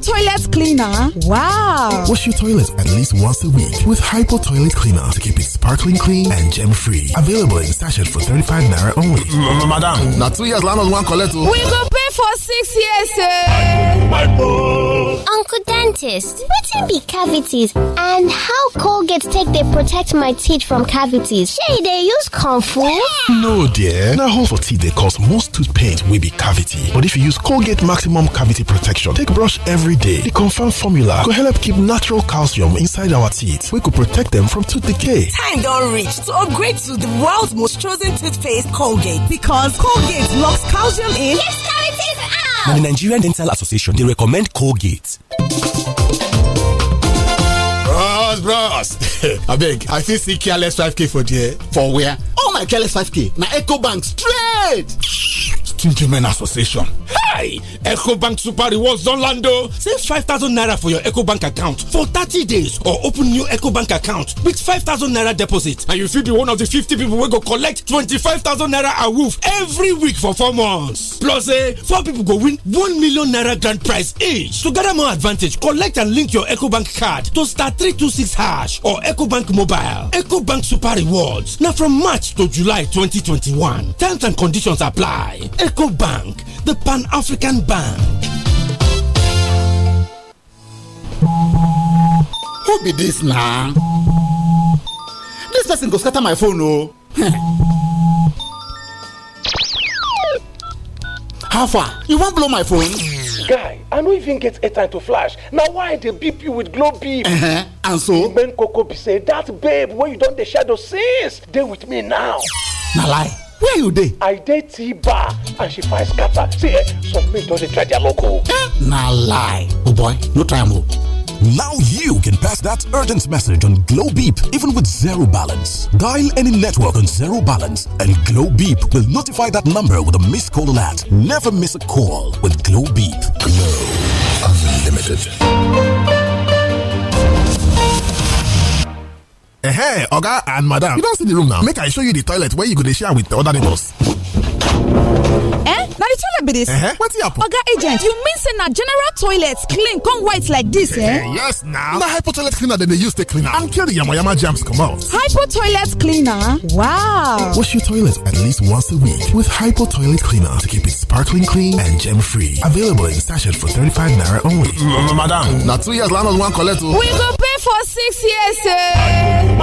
toilet cleaner? Wow! Wash your toilet at least once a week with Hypo toilet cleaner to keep it sparkling clean and gem free. Available in sachet for 35 naira only. Madam, now two years land on one collect. Oh. We go pay for six years. Eh? Uncle Dentist, what be cavities and how Colgate take they protect my teeth from cavities? Shey they use comfort? No dear, Now hole for teeth they cause most tooth pain will be cavity. But if you use Colgate maximum cavity protection take brush every every day. The confirmed formula could help keep natural calcium inside our teeth. We could protect them from tooth decay. Time don't reach to upgrade to the world's most chosen toothpaste, Colgate. Because Colgate locks calcium in. Yes, cavities out! Now, the Nigerian Dental Association, they recommend Colgate. bros bros beg. i see careless 5k for there for where Oh my careless 5k na Bank straight Gentlemen Association. Hey! EcoBank Super Rewards don land o! Save 5,000 naira for your EcoBank account for 30 days or open new EcoBank account with 5,000 naira deposit and you fit be one of the 50 people wey go collect 25,000 naira awoof every week for 4 months. Plus eh, 4 people go win 1 million naira grand prize each. To gather more advantage, collect and link your EcoBank card to start 326 hash or EcoBank mobile. EcoBank Super Rewards now from March to July 2021. Terms and conditions apply. Eco Bank, the Pan African Bank. Who be this now? This person go scatter my phone, oh. How far? You won't blow my phone? Guy, I no even get a time to flash. Now why they beep you with glow beep? Uh -huh. And so? Ben Coco be say, that babe where you done the shadow since, they with me now. Na lie where you dey i dey tea bar and she find scatter see eh some men don dey try their local. Oh. eh na lie oh boy no try am o. Oh. Now you can pass that urgent message on Glow Beep even with zero balance. Dial any network on zero balance and Glow Beep will notify that number with a missed call alert. Never miss a call with Glow Beep. Glow Unlimited. eh oga and madam you don see the room now make i show you the toilet wey you go dey share with the other neighbors. eh na tell me this. dis eh wetin happen. oga agent you mean say na general toilets clean come white like this, eh, eh yes na na hypo toilet cleaner than they use to clean am and kill the yamayama come out. hypo toilet cleaner wow wash your toilet at least once a week with hypo toilet cleaner to keep it sparkling clean and gem free available in sachet for 35 naira only madam now two years landlord wan collect o oh. we go pay for six years eh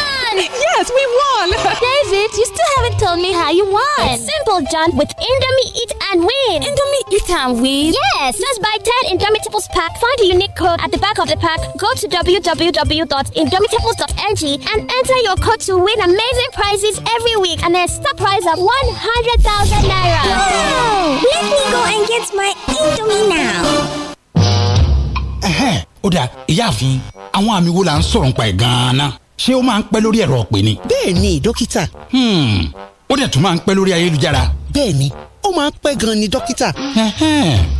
won! Yes, we won! David, you still haven't told me how you won. It's simple, John. With Indomie Eat and Win. Indomie Eat and Win? Yes. Just buy 10 Indomie Tipples pack. Find the unique code at the back of the pack. Go to www.indomitables.ng and enter your code to win amazing prizes every week and a star prize of 100,000 naira. Wow! Let me go and get my Indomie now. Ẹ̀hẹ́n, ó dáa, have àwọn àmì wo là ń sọ̀rọ̀ nípa ẹ̀ gan-an náà? ṣé ó máa ń pẹ́ lórí ẹ̀rọ ọ̀pẹ ni. bẹ́ẹ̀ni dókítà. Hmm. ó dẹ̀ tún máa ń pẹ́ lórí ayélujára. bẹ́ẹ̀ni ó máa ń pẹ́ gan-an ni dókítà.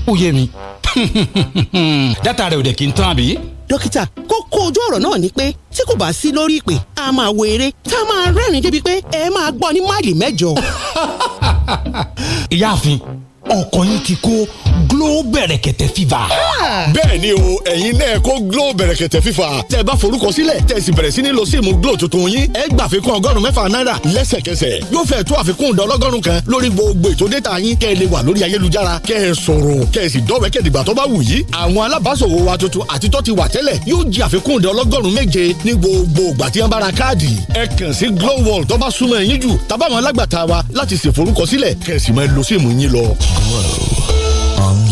ó yé mi dátà rẹ̀ ò dẹ̀ kí n tán àbí. dókítà kókó ojú ọ̀rọ̀ náà ni pé tí kò bá sí lórí ìpè a máa wo eré tá a máa rẹ́rìn-ín débi pé ẹ máa gbọ́ ní máìlì mẹ́jọ. ìyáàfin ọkọ yín ti kó Glow bẹ̀rẹ̀kẹ̀tẹ̀ fífa. Ah! bẹ́ẹ̀ni o ẹ̀yin náà kó Glow bẹ̀rẹ̀kẹ̀tẹ̀ fífa tẹ́ bá forúkọ sílẹ̀ tẹ́ sì bẹ̀rẹ̀ sí ní lo síìmù Glow tuntun yín ẹ gbà àfikún ọgọ́rùn mẹ́fà náírà lẹ́sẹ̀kẹsẹ̀ yóò fẹ́ tó àfikún ìdá ọlọ́gọ́rùn kan lórí gbogbo ètò déta yín kẹ́ ẹ lè wà lórí ayélujára kẹ́ ẹ sọ̀rọ̀ kẹ́ ẹ sì dọ́wẹ́kẹ̀ dìgbà tó bá wù yí àwọn alábàáṣòwò wa tuntun àti tó ti wà tẹ́lẹ̀ yóò jẹ àfikún ìdá ọlọ́gọ́rùn méje ní gbogbo ìgbà tí wọ́n bá ra káàdì ẹ kàn sí Glow World tó bá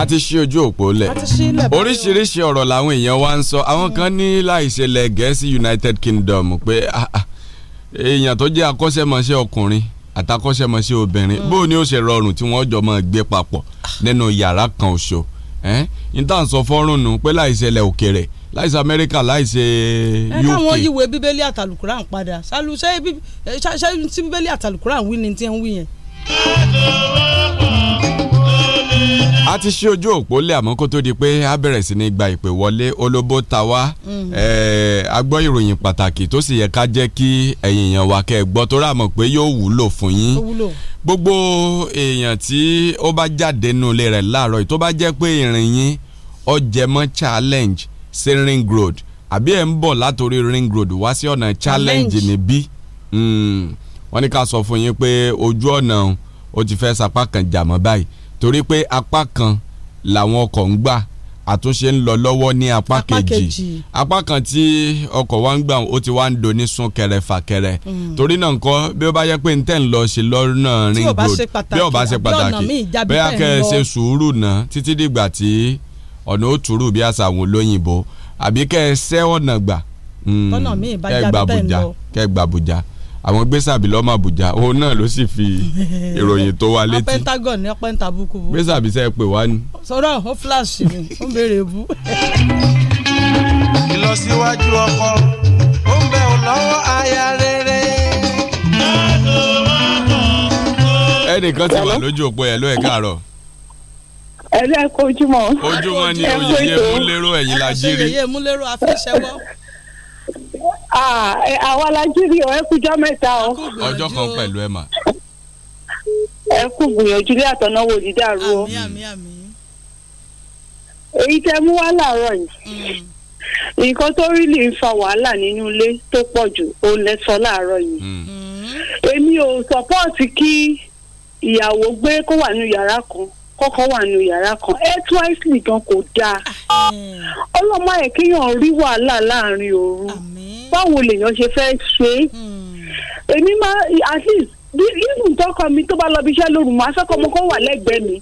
a ti ṣí ojú òpó lẹ̀ oríṣiríṣi ọ̀rọ̀ làwọn èèyàn wa ń sọ àwọn kan ní láìṣẹlẹ̀ gẹ̀ẹ́sì United Kingdom pé ah, ah, èèyàn tó jẹ́ akọ́ṣẹ́mọṣẹ́ ọkùnrin àtàkọ́ṣẹ́mọṣẹ́ obìnrin bó ni ó ṣe rọrùn tí wọ́n jọ máa gbé papọ̀ nínú yàrá kan ṣoṣo n tá à ń sọ fọ́rùn nù pé láìṣẹlẹ̀ òkèrè láìsí amẹ́ríkà láìsí uk. ẹ káwọn yíwèé bíbélì àtàlùkùrà ń padà ṣáàlù ṣé tí bíbélì àtàlùkùrà ń wí ni tí ń wí yẹn a ti ṣí ojú òpó lé àmọ́ kó tó di pé a bẹ̀rẹ̀ sí ní gba ìpè wọlé olóbó ta wá a gbọ́ ìròyìn pàtàkì tó sì yẹ ká jẹ́ kí ẹ̀yin èèyàn wa kẹ́ ẹ gbọ́ tó rà mọ̀ pé yóò wúlò fún yín gbogbo èèyàn tí ó bá jáde nù ilé rẹ̀ láàárọ̀ tó bá jẹ́ pé ìrìn yín ó challenge sí ring road àbí ẹ̀ ń bọ̀ látòrí ring road wá sí ọ̀nà challenge níbí hmm. wọ́n ní ká sọ fún yín pé ojú ọ̀nà o ti fẹ́ sapá kan jà mọ́ báyìí torí pé apá kan làwọn ọkọ̀ ń gbà àtúnṣe ń lọ lọ́wọ́ ní apá kejì apá kan tí ọkọ̀ wa ń gbà ó ti wá ń do ní súnkẹrẹ fàkẹrẹ hmm. torí náà nǹkan bí ó bá yẹ pé ntẹ́ ń lọ ṣe lọ́nà ring road bí ó bá ṣe pàtàkì bí ó kẹ́ ẹ ṣe sùúrù náà títí dìgbà tí ọ̀nà ó túrú bí àṣà àwọn olóyìnbó àbí kẹ́ ẹ ṣẹ́ ọ̀nà gbà ẹ gbà Àbújá kẹ́ ẹ gbà Àbújá àwọn gbèsàbí lọ́mọ àbújá òun náà ló sì fi ìròyìn tó wa létí. pentagon ní penta bukubu. gbèsàbí sẹ́ pè wá ni. sọ̀rọ̀ ó flash mi ó ń béèrè bú. ìlọsíwájú ọkọ ó ń bẹ̀ ọ́ lọ́wọ́ aya rere. ẹnìkan ti wà lójú òpó ẹ̀ ló ẹ̀ káàárọ̀ ẹlẹ́ kojúmọ́. ojúmọ́ ni oyè múlẹ́rọ̀ ẹ̀yìn la jírí. ẹ̀yìn múlẹ́rọ̀ àfiṣẹ́wọ́. Ah, eh, Àwọn la jírí o ẹ kújọ́ mẹ́ta o. ọjọ́ kan pẹ̀lú ẹ̀ mà. ẹ kú gbìyànjú lé àtọ̀náwó dídàrú o. èyí tẹ mú wá láàárọ̀ yìí mm. nǹkan tó rí lè fa wàhálà nínú ilé tó pọ̀ jù ó lẹ sọ láàárọ̀ yìí mm. Mm. èmi ò sọpọ́ọ̀tì kí ìyàwó gbé kó wà ní yàrá kan kọ́kọ́ wà nínú yàrá kan ẹtúwáìsì gan kò dáa ọlọ́mọ ẹ̀ kéèyàn rí wàhálà láàrin òru báwo lèèyàn ṣe fẹ́ ṣe é hmm. èmi máa at least even tọkọ mi tó bá lọ bí iṣẹ́ lóru màá sọ́kọ ọmọ kan wà lẹ́gbẹ̀ẹ́ mi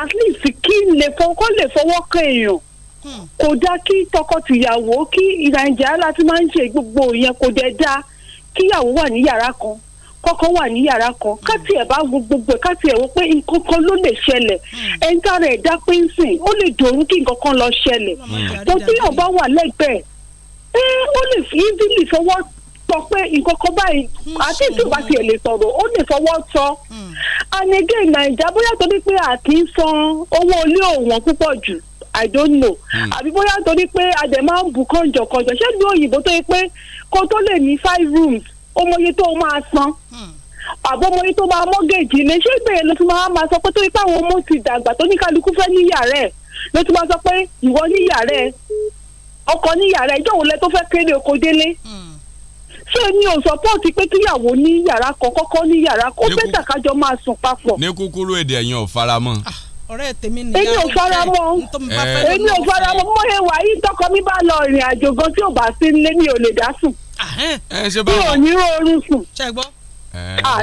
at least kí n lè fọwọ́ kọ́ lè fọwọ́ kan èèyàn hmm. kò dáa kí tọkọtìyàwó kí ìrìnàjò aláti máa ń ṣe gbogbo yẹn kò dẹ̀ dáa kíyàwó wà ní yàrá kan kọ́kọ́ wà ní yàrá kan hmm. ká tiẹ̀ bá gbogbo ẹ̀ ká tiẹ̀ wò pé nǹkan kan ló lè ṣẹlẹ̀ ẹ̀ńtà rẹ̀ dá pé ń sìn ó lè dòrú kí nǹkan kan lọ ṣẹlẹ̀ oh tó tí yàn bá wà lẹ́gbẹ̀ẹ́ ẹ ó lè fi íbílì fọwọ́ sọ pé nǹkan kan báyìí hmm. àti ìtúbà tiẹ̀ lè sọ̀rọ̀ ó lè fọwọ́ sọ hmm. and nàìjà bóyá torí pé a kì í san owó ilé òwọ̀n púpọ̀ jù i don't know àbí bóyá torí pé a dẹ̀ máa ń bù kànjọ̀kànjọ̀ ṣé ìlú òyìnbó tó yẹ pé kó tó lè ní five rooms ó mọye tó máa san hmm. àbọ̀mọ yìí tó máa mọ́gẹ́jì ni ṣé ìbéèrè ló ti máa máa sọ pé tó ipá àwọn ọmọ ti dàgbà tó ní kálukú fẹ́ ní yàrá ẹ̀ ló ti máa sọ pé ìwọ ní yàrá ẹ̀ ọkọ ní yàrá ẹ̀ ìjọ́wò lẹ tó fẹ́ kéré oko délé. Hmm. ṣé mi ò sọpọ́ọ̀tì pé kíyàwó ní yàrá kan kọ́kọ́ ní yàrá kó bẹ́tà kájọ máa sùn papọ̀. ní kúkúrú èdè ẹ̀yin ò faramọ́. Ah, ọ̀rẹ́ tèmi nìyá èmi ò faramọ́ eh. èmi ò faramọ́ mọ́ ẹwà yìí tọkọ mi bá lọ ìrìn àjò gan tí ò bá sí nílé mi ò lè dá sùn bí ò ní oorun sùn. Ah,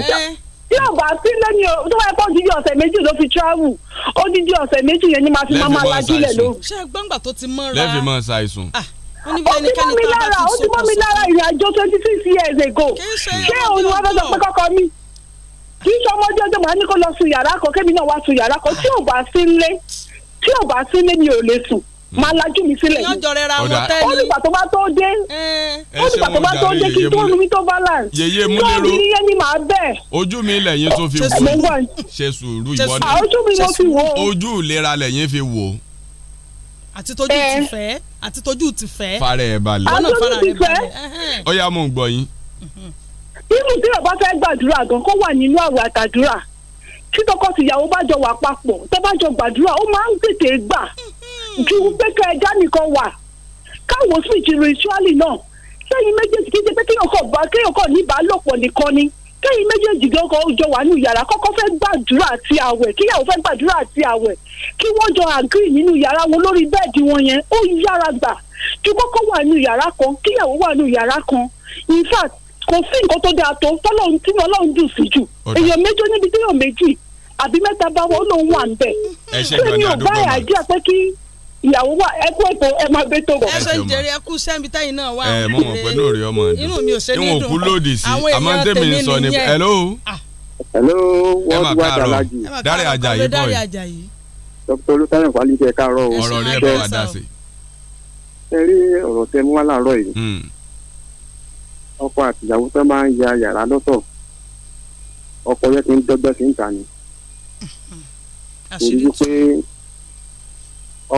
tí ò bá sí lẹ́yìn o tó bá yẹ kó odidi ọ̀sẹ̀ méjì ló fi travel odidi ọ̀sẹ̀ méjì yẹn ni màá fi máa máa lajúlẹ̀ ṣé gbọ́ngbà tó ti mọ́ra. lẹ́ẹ̀fì máa ṣàìsùn ah, ó ti mọ́ mi lára ó ti mọ́ mi lára ìrìn àjò twenty six years ago ṣé òun ni wọ́n fẹ́ sọ pé kọ́kọ́ mi kì í ṣọmọdé ọjọ́ màá ní kó lọ sùn yàrá kan kémi náà wá sùn yàrá kan tí ò bá sí nlé tí ò bá sí nlé mi ò lè sùn máa lajú mi sílẹ̀ ni ó nígbà tó bá tó dé ó nígbà tó bá tó dé kí tó ní tó balance yeye mú lérò tó ní yé ni màá bẹ̀. ojú mi lẹ́yìn tó fi wò ṣe sùúrù ìwọ ni ah, ojú mi ló fi wò ojú ìlera lẹ́yìn fi wò àti tójú ti fẹ́ àti tójú ti fẹ́. fara ẹ balẹ̀. àti tójú ti fẹ́. ó yá mò ń gbọ́ yín. nínú tí bàbá fẹ́ gbàdúrà gan kó wà nínú àwẹ̀ àtàdúrà tí tọkọ tìyàwó bá jọ wà papọ̀ tó bá jọ gbàdúrà ó máa ń tètè gbà ju pé ká ẹja nìkan wà káwọn switch ritually náà sẹ́yìn méjèèjì kí n ṣe pé kéèyàn kọ̀ bá kéèyàn kọ̀ ní ìbálòpọ̀ nìkan ni kẹ́yìn méjèèjì gan kan jọ wà nínú yàrá kọ́kọ́ fẹ́ gbàdúrà àti àwẹ̀ kíyàwó fẹ́ gbàdúrà àti àwẹ̀ kí wọ́n jọ àgírì nínú yàrá wọn lórí bẹ́ẹ̀dì wọn yẹn ó yára gbà ju kọ́kọ́ wà nínú yàrá kan kíyàwó wà nínú yàrá kan in fact kò sí nǹkan tó dáa tó tọ́lọ́run tí wọn lọ́run dùn sí jù èèyàn méjì níbi téèyàn méjì àbí mẹ́ta bá wọn lòun wà ń bẹ̀. ẹ ṣe gbọ́dọ̀ àdúgbò ìyàwó wa ẹ kó ètò ẹ máa bẹ tó bọ. ẹ sọ ìjẹrì ẹ kú sẹ́mi táyìn náà wà. ẹ mọ mọ pẹ̀lú òrì ọmọ ẹ̀dùn inú mi ò ṣe ní dùn àwọn èèyàn tèmi nìyẹn. hello. Ah. hello wọ́n ti wá dàlájì. dárí àjàyí bọ́ọ̀yì. dr olùtayọ̀ falẹ̀ káàárọ̀ o. ọ̀rọ̀ rẹ bá wa dá sí. ẹ rí ọ̀rọ̀ tẹ mú wá láàárọ̀ yìí. Hmm. ọkọ àtìyàwó tó máa ń ya yàrá lọ́tọ̀ ọkọ yẹ kí ń dọ́gbẹ́ sí ń ta ni. Hmm. Hmm. àṣírí tó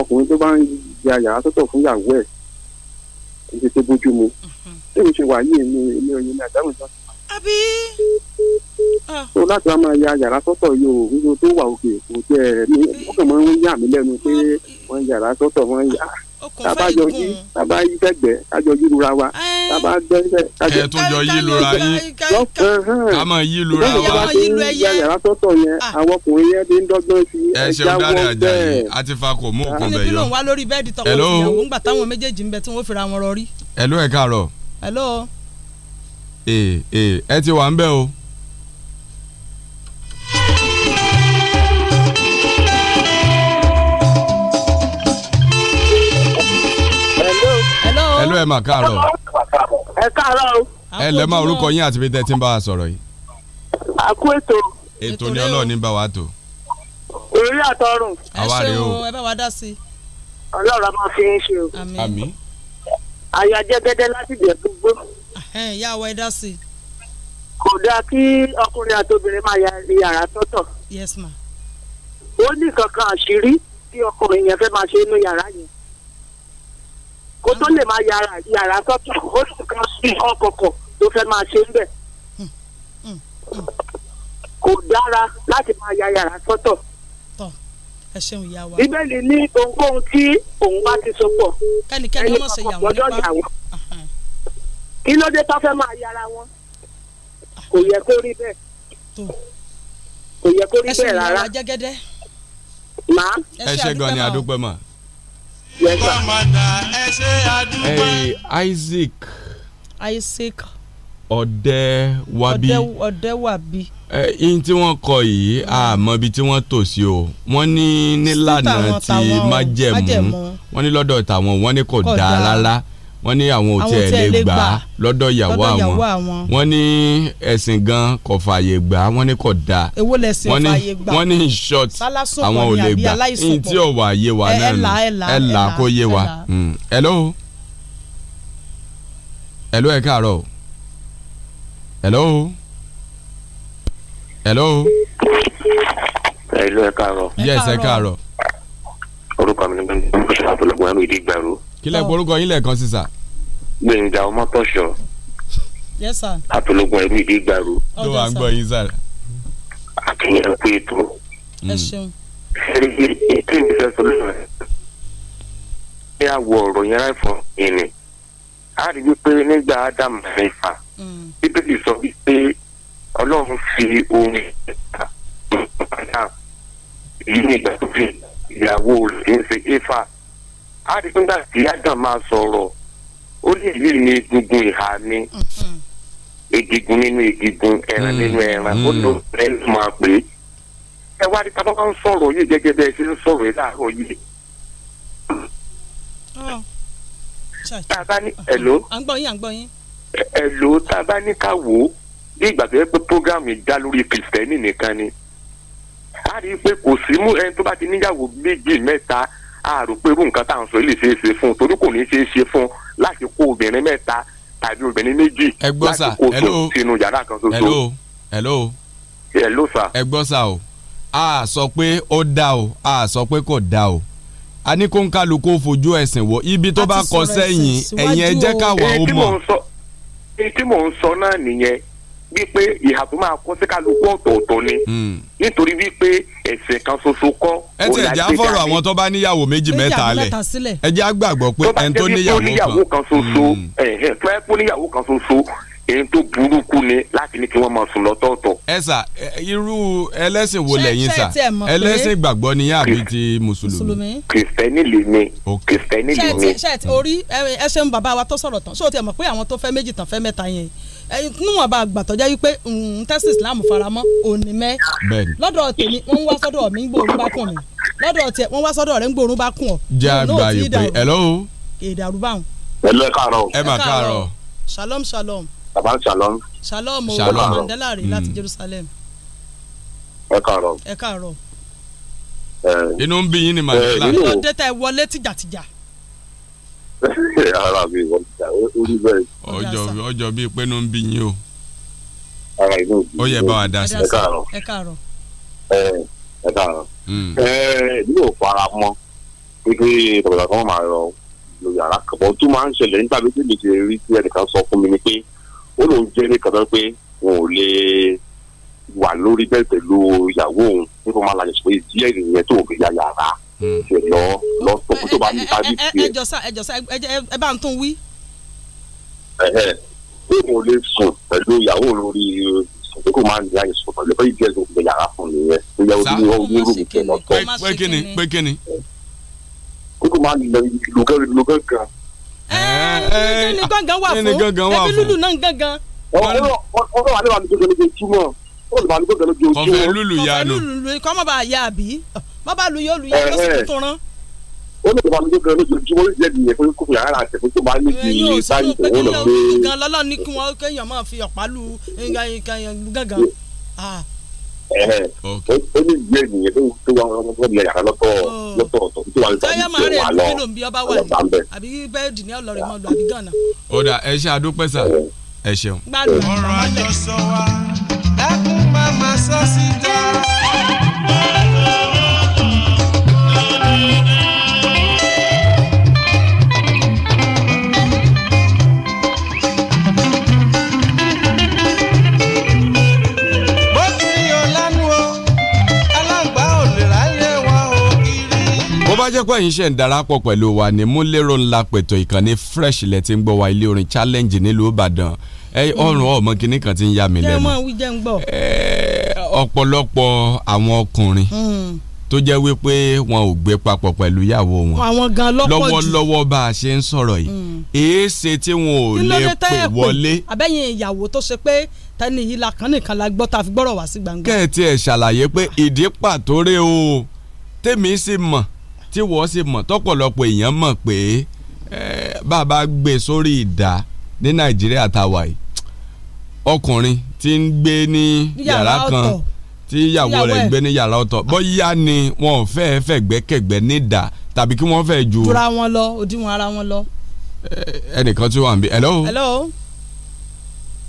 ọkùnrin tó bá ń ya yàrá sọ́tọ̀ fún ìyàwó ẹ̀ kò ṣe tó bójú mu tí mo ṣe wà yìí èmi èmi òye ní àdáhùn ìjọ. àbí. tó láti wá máa ya yàrá sọ́tọ̀ yìí o nígbà tó wà òkè kò jẹ́ ẹ̀ mi ó máa ń yà mí lẹ́nu pé wọ́n yàrá sọ́tọ̀ wọ́n yà á. Ah, tabajọ yí taba yí gbẹgbẹ kájọ yí lura wa taba gbẹgbẹ kájọ. ẹ tó jọ yí lura yín ká yí lura wa. ìbáwọ̀ yàrá tọ́tọ̀ yẹn ah. àwọn ọkùnrin yẹn ti ń dọ́gbọ́n sí ẹja wọ́n bẹ́ẹ̀. a ti fa kò mú ah. nǹkan bẹ̀ yọ. ẹlẹ́bí ló ń wá lórí bẹ́ẹ̀dì tọkọ ìyàwó ńgbà táwọn ń bẹ tí wọ́n fira wọn rọrí. ẹ̀ló ẹ̀ káàárọ̀. ẹ̀ló. Eh, eh, ẹ ti wà ń bẹ̀ o. ẹ mà káàárọ̀. ẹ káàárọ̀ o. ẹ lẹ́ máa orúkọ yín àti bí tẹ́ ti ń bá wa sọ̀rọ̀ yìí. àkú ètò. ètò ni ọlọ́ọ̀ni bá wa tò. orí àtọrùn. àwa rè o ẹ bá wa dá sí ọlọ́run a máa fi ń ṣe o. àmín. àyà jẹ́gẹ́dẹ́ láti jẹ́ gbogbo. ìyá wa ẹ dá sí kò dáa kí ọkùnrin àti obìnrin máa ya yàrá tọ́tọ̀. yes ma. ó ní kankan àṣírí tí ọkùnrin yẹn fẹ́ máa ṣe inú yàrá yẹn kó tó lè máa yàrá yàrá sọ́tọ̀ ó sì kan sí ọkọ̀ọ̀kọ̀ tó fẹ́ máa ṣe ń bẹ̀. kò dára láti máa ya yàrá sọ́tọ̀. bíbélì ní ohunkóhun tí òun bá ti so pọ̀ ẹni kọ̀ọ̀kan gbọ́dọ̀ yàwó. kí ló dé tó fẹ́ máa yàrá wọn kò yẹ kó rí bẹ́ẹ̀ kò yẹ kó rí bẹ́ẹ̀ rárá. ẹ ṣe gan ni adúpẹ́ mọ́ kọ́mọ̀dà ẹ ṣe àdúgbò. Isaac. Isaac. Ọ̀dẹ́wàbí. Ọ̀dẹ́wàbí. ẹ ihun tí wọ́n kọ yìí àmọ́ ibi tí wọ́n tò sí o wọ́n ní nílànà ti májẹ̀mú wọ́n ní lọ́dọ̀ tàwọn wọ́n ní kò dáa rárá wọ́n ní àwọn ò tiẹ̀ lè gbà á lọ́dọ̀ ìyàwó àwọn wọ́n ní ẹ̀sìn gan kò fààyè gbà á wọ́n ní kò dáa èwo lẹ̀sìn fààyè gbà wọ́n ní in short àwọn ò lè gbà ní tí ọ̀wà yé wa náà nù ẹ̀ là kó yé wa. Hmm. hello hello ẹ káàárọ̀ hello hello. hello ẹ káàárọ̀. yes ẹ káàárọ̀. orúkọ mi ni bẹ́ẹ̀ ni mo ṣe àbúrò wọn mi ìdí ìgbà ro kílẹ̀ gborúkọ yín lẹ́ẹ̀kan sísà. gbẹ̀ngà ọmọ tọ̀ṣọ̀ àtológun ẹ̀mí ìdí ìgbàro. Oh, ló wà ń gbọ́ yín sára. àtìyàn pé ètò. ẹ ṣeun. ètò ìfẹ́ sọ lọ́wọ́ ẹ̀ ṣé àwọ̀ ọ̀rọ̀ yẹn láì fọ́ yẹn ni a rí wípé nígbà Adam mẹ́fà mm. bíbélì sọ wípé Ọlọ́run fi orin ẹ̀ka ìyá ìgbà tó fi ìyàwó rẹ̀ ń ṣe éfà a rí nígbà tí adam máa sọ̀rọ̀ ó lè rí ní egungun ìhà ni mm-hmm. egungun nínú egungun ẹran nínú mm-hmm. ẹran ó ló ẹ máa pè é ẹ wá rí tábà ń sọ̀rọ̀ yìí gẹ́gẹ́ bẹ́ẹ̀ ṣe ń sọ̀rọ̀ yìí láàárọ̀ yìí. tábà ẹ̀ló ẹ̀ló tábà ká wò ó bí ìgbà tó yẹ pé prógámù dá lórí kìrìsìtẹ́nì nìkan ni a rí i pé kò sí mú ẹni tó bá ti níyàwó méjì mẹ́ta a rò pé irú nǹkan tá à ń sọ yìí lè ṣeé ṣe fún un torí kò ní ṣeé ṣe fún un láti kó obìnrin mẹ́ta tàbí obìnrin méjì láti kó tó sínú yàrá kan ṣoṣo. hello hello hello sà. ẹ gbọ́ sà o a sọ pé ó dá o a sọ pé kò dá o a ní kó ń kálukú fojú ẹ̀sìn wò ibi tó bá kọ sẹ́yìn ẹ̀yin ẹ jẹ́ káwa ó mọ̀. èyí tí mò ń sọ náà nìyẹn wípé ìhà tó máa kọ́ sí kálukú ọ̀tọ̀ọ̀tọ̀ ni hmm. nítorí wípé ẹ̀sìn kan ṣoṣo kọ́ ẹ ti ẹ̀jẹ̀ afọ́rọ̀ àwọn tó bá níyàwó méjì mẹ́ta lẹ̀ ẹ̀jẹ̀ á gbàgbọ́ pé ẹni tó níyàwó kan ṣoṣo hmm. ẹ̀hẹ̀ tó ẹ kó níyàwó kan ṣoṣo èyí tó burúkú ni láti ní kí wọ́n máa sùn lọ́tọ̀ọ̀tọ̀. ẹ sà irú ẹlẹ́sìn wo lẹ́yìn sà ẹlẹ́sìn ìgbàgbọ́ ni yá àbí ti mùsùlùmí. kìrìsìtẹ́nì lè mi kìrìsìtẹ́nì lè mi. ṣẹ́ẹ̀tì orí ẹ ṣeun bàbá wa tó sọ̀rọ̀ tán sóòtì ẹ̀ mọ̀ pé àwọn tó fẹ́ méjì tán fẹ́ mẹ́ta yẹn níwọ̀n bá gbà tọ́já wípé mm, tẹ́sí islam faramọ́ òní mẹ́ lọ́dọ̀ tèmi wọ́n wá sọ́dọ̀ mi ń gbòòrùn bá kùn mí lọ́dọ̀ tẹ wọ́n wá sọ́dọ̀ rẹ̀ ń gbòòrùn bá kùn ọ́. jẹ́ àgbà yìí pé hello. èdè àrùbáwọn. ẹ lọ ẹ káàárọ̀. ẹ káàárọ̀. shalom shalom baba shalom. shalom o shalom mandela rè hmm. láti jerusalem. ẹ káàárọ̀. ẹ káàárọ̀. inú ń bí yín ni mandela. inú òde tẹ wọlé tìjàtìjà. ara mi wọlé tìjà ó ní bẹ́ẹ̀. ọjọ́ ọjọ́ bíi pé inú ń bí yín o. ara inú òbí. ó yẹ bá wa dá sí. ẹ káàárọ̀. ẹ káàárọ̀. ẹ ẹ káàárọ̀. Hmm. ẹ ní ò fara mọ́ pípé bàbá kan máa rọ lóyún ara kan bọ́ tó máa ń ṣẹlẹ̀ nígbà méjì méjì rí tí ẹnìkan sọ fún mi ni pé ó lóun jẹ́ ní kàtà pé wọn ò lè wà lórí bẹ́ẹ̀ pẹ̀lú ìyàwó òun ní kó máa lajọ pé díẹ̀ nìyẹn tó fi ya yàrá hmm. lọ lọ sọ fún tó bá ní tàbí tiẹ̀. ẹ jọ sá ẹ jọ sá ẹ bá ń tún wí. pé wọn ò lè sùn pẹ̀lú ìyàwó lórí ìsìnkú kó máa ń ya ìsùn pẹ̀lú pé díẹ̀ tó fi yàrá fún nìyẹn tó yẹ onírúurú kẹ̀ lọ́tọ̀. pé kíni pé kíni. kó tó máa ń lọ lùkẹ́ lùkẹ́ kan kí ni gángan wà fún ẹbí lulu náà gángan. ọ̀rọ̀ wa ni wàá ní gbẹ̀gbẹ̀ lójoojúmọ́ ọ̀rọ̀ wa ni gbẹ̀gbẹ̀ lójoojúmọ́. kọfẹ lulu ya nu kọmọ bá ya àbí bàbá lu yóò lu ya ló sì tó rán. ó ní ìjọba mi gbẹ̀gbẹ̀ lójoojúmọ́ ó jẹ́ ìyẹn fún kókò yàrá àti ẹ̀fọ́ tó bá ní kí ní báyìí òun lọ pé. gan lọ́lọ́ ní kí wọ́n kéèyàn máa fi ọ̀pá lu gángan ó ní ìwé ènìyàn tó tó oh. wà lọ́tọ̀ tó yẹ yàrá lọ́tọ̀ lọ́tọ̀ tó wà lọ́tọ̀ tó wà lọ́ ọlọ́pàá ń bẹ̀. àbí bẹ́ẹ̀dì ní ọlọ́rin mọ́ lọ àbí gànà. ó dà ẹ ṣe àdópẹ́ sà ẹ ṣeun. ọ̀rọ̀ àjọsọ wa ẹkún máa máa sọ sí dáa. jẹ́ pé ẹ̀yin ṣe ń darapọ̀ pẹ̀lú wa ní múlẹ́rọ̀ ńlá pẹ̀tọ̀ ìkànnì fresh ilẹ̀ tí ń gbọ́ wa ilé orin challenge nílùú ìbàdàn ọrùn mm. ọmọ kìnnì kan ti ń ya mi lẹ́nu ọ̀pọ̀lọpọ̀ àwọn ọkùnrin mm. tó jẹ́ wípé wọn ò gbé papọ̀ pẹ̀lú ìyàwó wọn lọ́wọ́lọ́wọ́ bá a ṣe ń sọ̀rọ̀ yìí mm. èéṣe tí wọn ò lè pè wọlé. àbẹ́yìn ìyàwó tó ṣe pé tẹ́ni yìí la kan nìkan la gbọ́ ta fi gbọ́rọ̀ wá sí gbangba. kẹ́ẹ̀tì ẹ̀ ṣàlàyé pé ìdí pàtó rèé o tèmi sì mọ̀ tí wọ́n ṣe mọ̀ tọ́pọ̀lọpọ̀ èèyàn mọ̀ pé bàbá gbé e sórí ìdá ní nàìjíríà táwa yìí ọkùnrin tí ń gbé ní yàrá kan tí ìyàwó rẹ̀ ń gbé ní yàrá ọ̀tọ̀ bóyá ni wọn ò fẹ́ fẹ̀gbẹ́kẹ̀gbẹ́ nídà tàbí kí wọ́n fẹ́ ju. jura wọn lọ òdiwọ̀n ara wọn lọ. ẹnìkan tí wà ń bí hello. hello.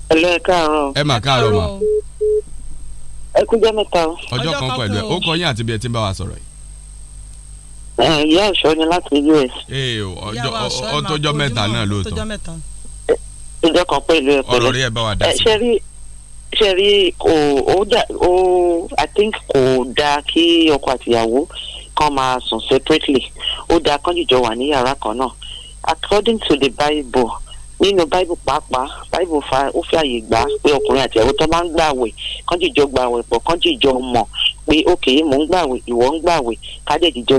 hello ẹ káàárọ̀. ẹ mà káàárọ̀ mà. ẹ kú jẹ́ mẹ́ta o. ọjọ́ kan pẹ̀lú ẹ ó kọ yín àti bí ẹ ti ń bá wa sọ̀rọ̀ yìí ìyá ẹ̀ṣọ́ ni láti us. ọ tọjọ mẹ́ta náà lóòótọ́ ìjọ kan pẹ̀lú ẹ pẹ̀lú ọ̀rọ̀ rí ẹ bá wa dá sí. ṣẹ́rí kò ó dà ó i think kò dáa kí ọkọ àtìyàwó kan máa sùn separately ó dáa kán jìjọ wà ní yàrá kan náà according to the bible nínú bible pàápàá bible fa ó fi àyè gbà pé ọkùnrin àti ìyàwó tó máa ń gbààwẹ̀ kán jìjọ gbààwẹ̀ pọ̀ kán jìjọ mọ̀ pé ókè mò ń gbààwẹ̀ ìwọ ń gbààwẹ̀ ká dẹ̀ jìjọ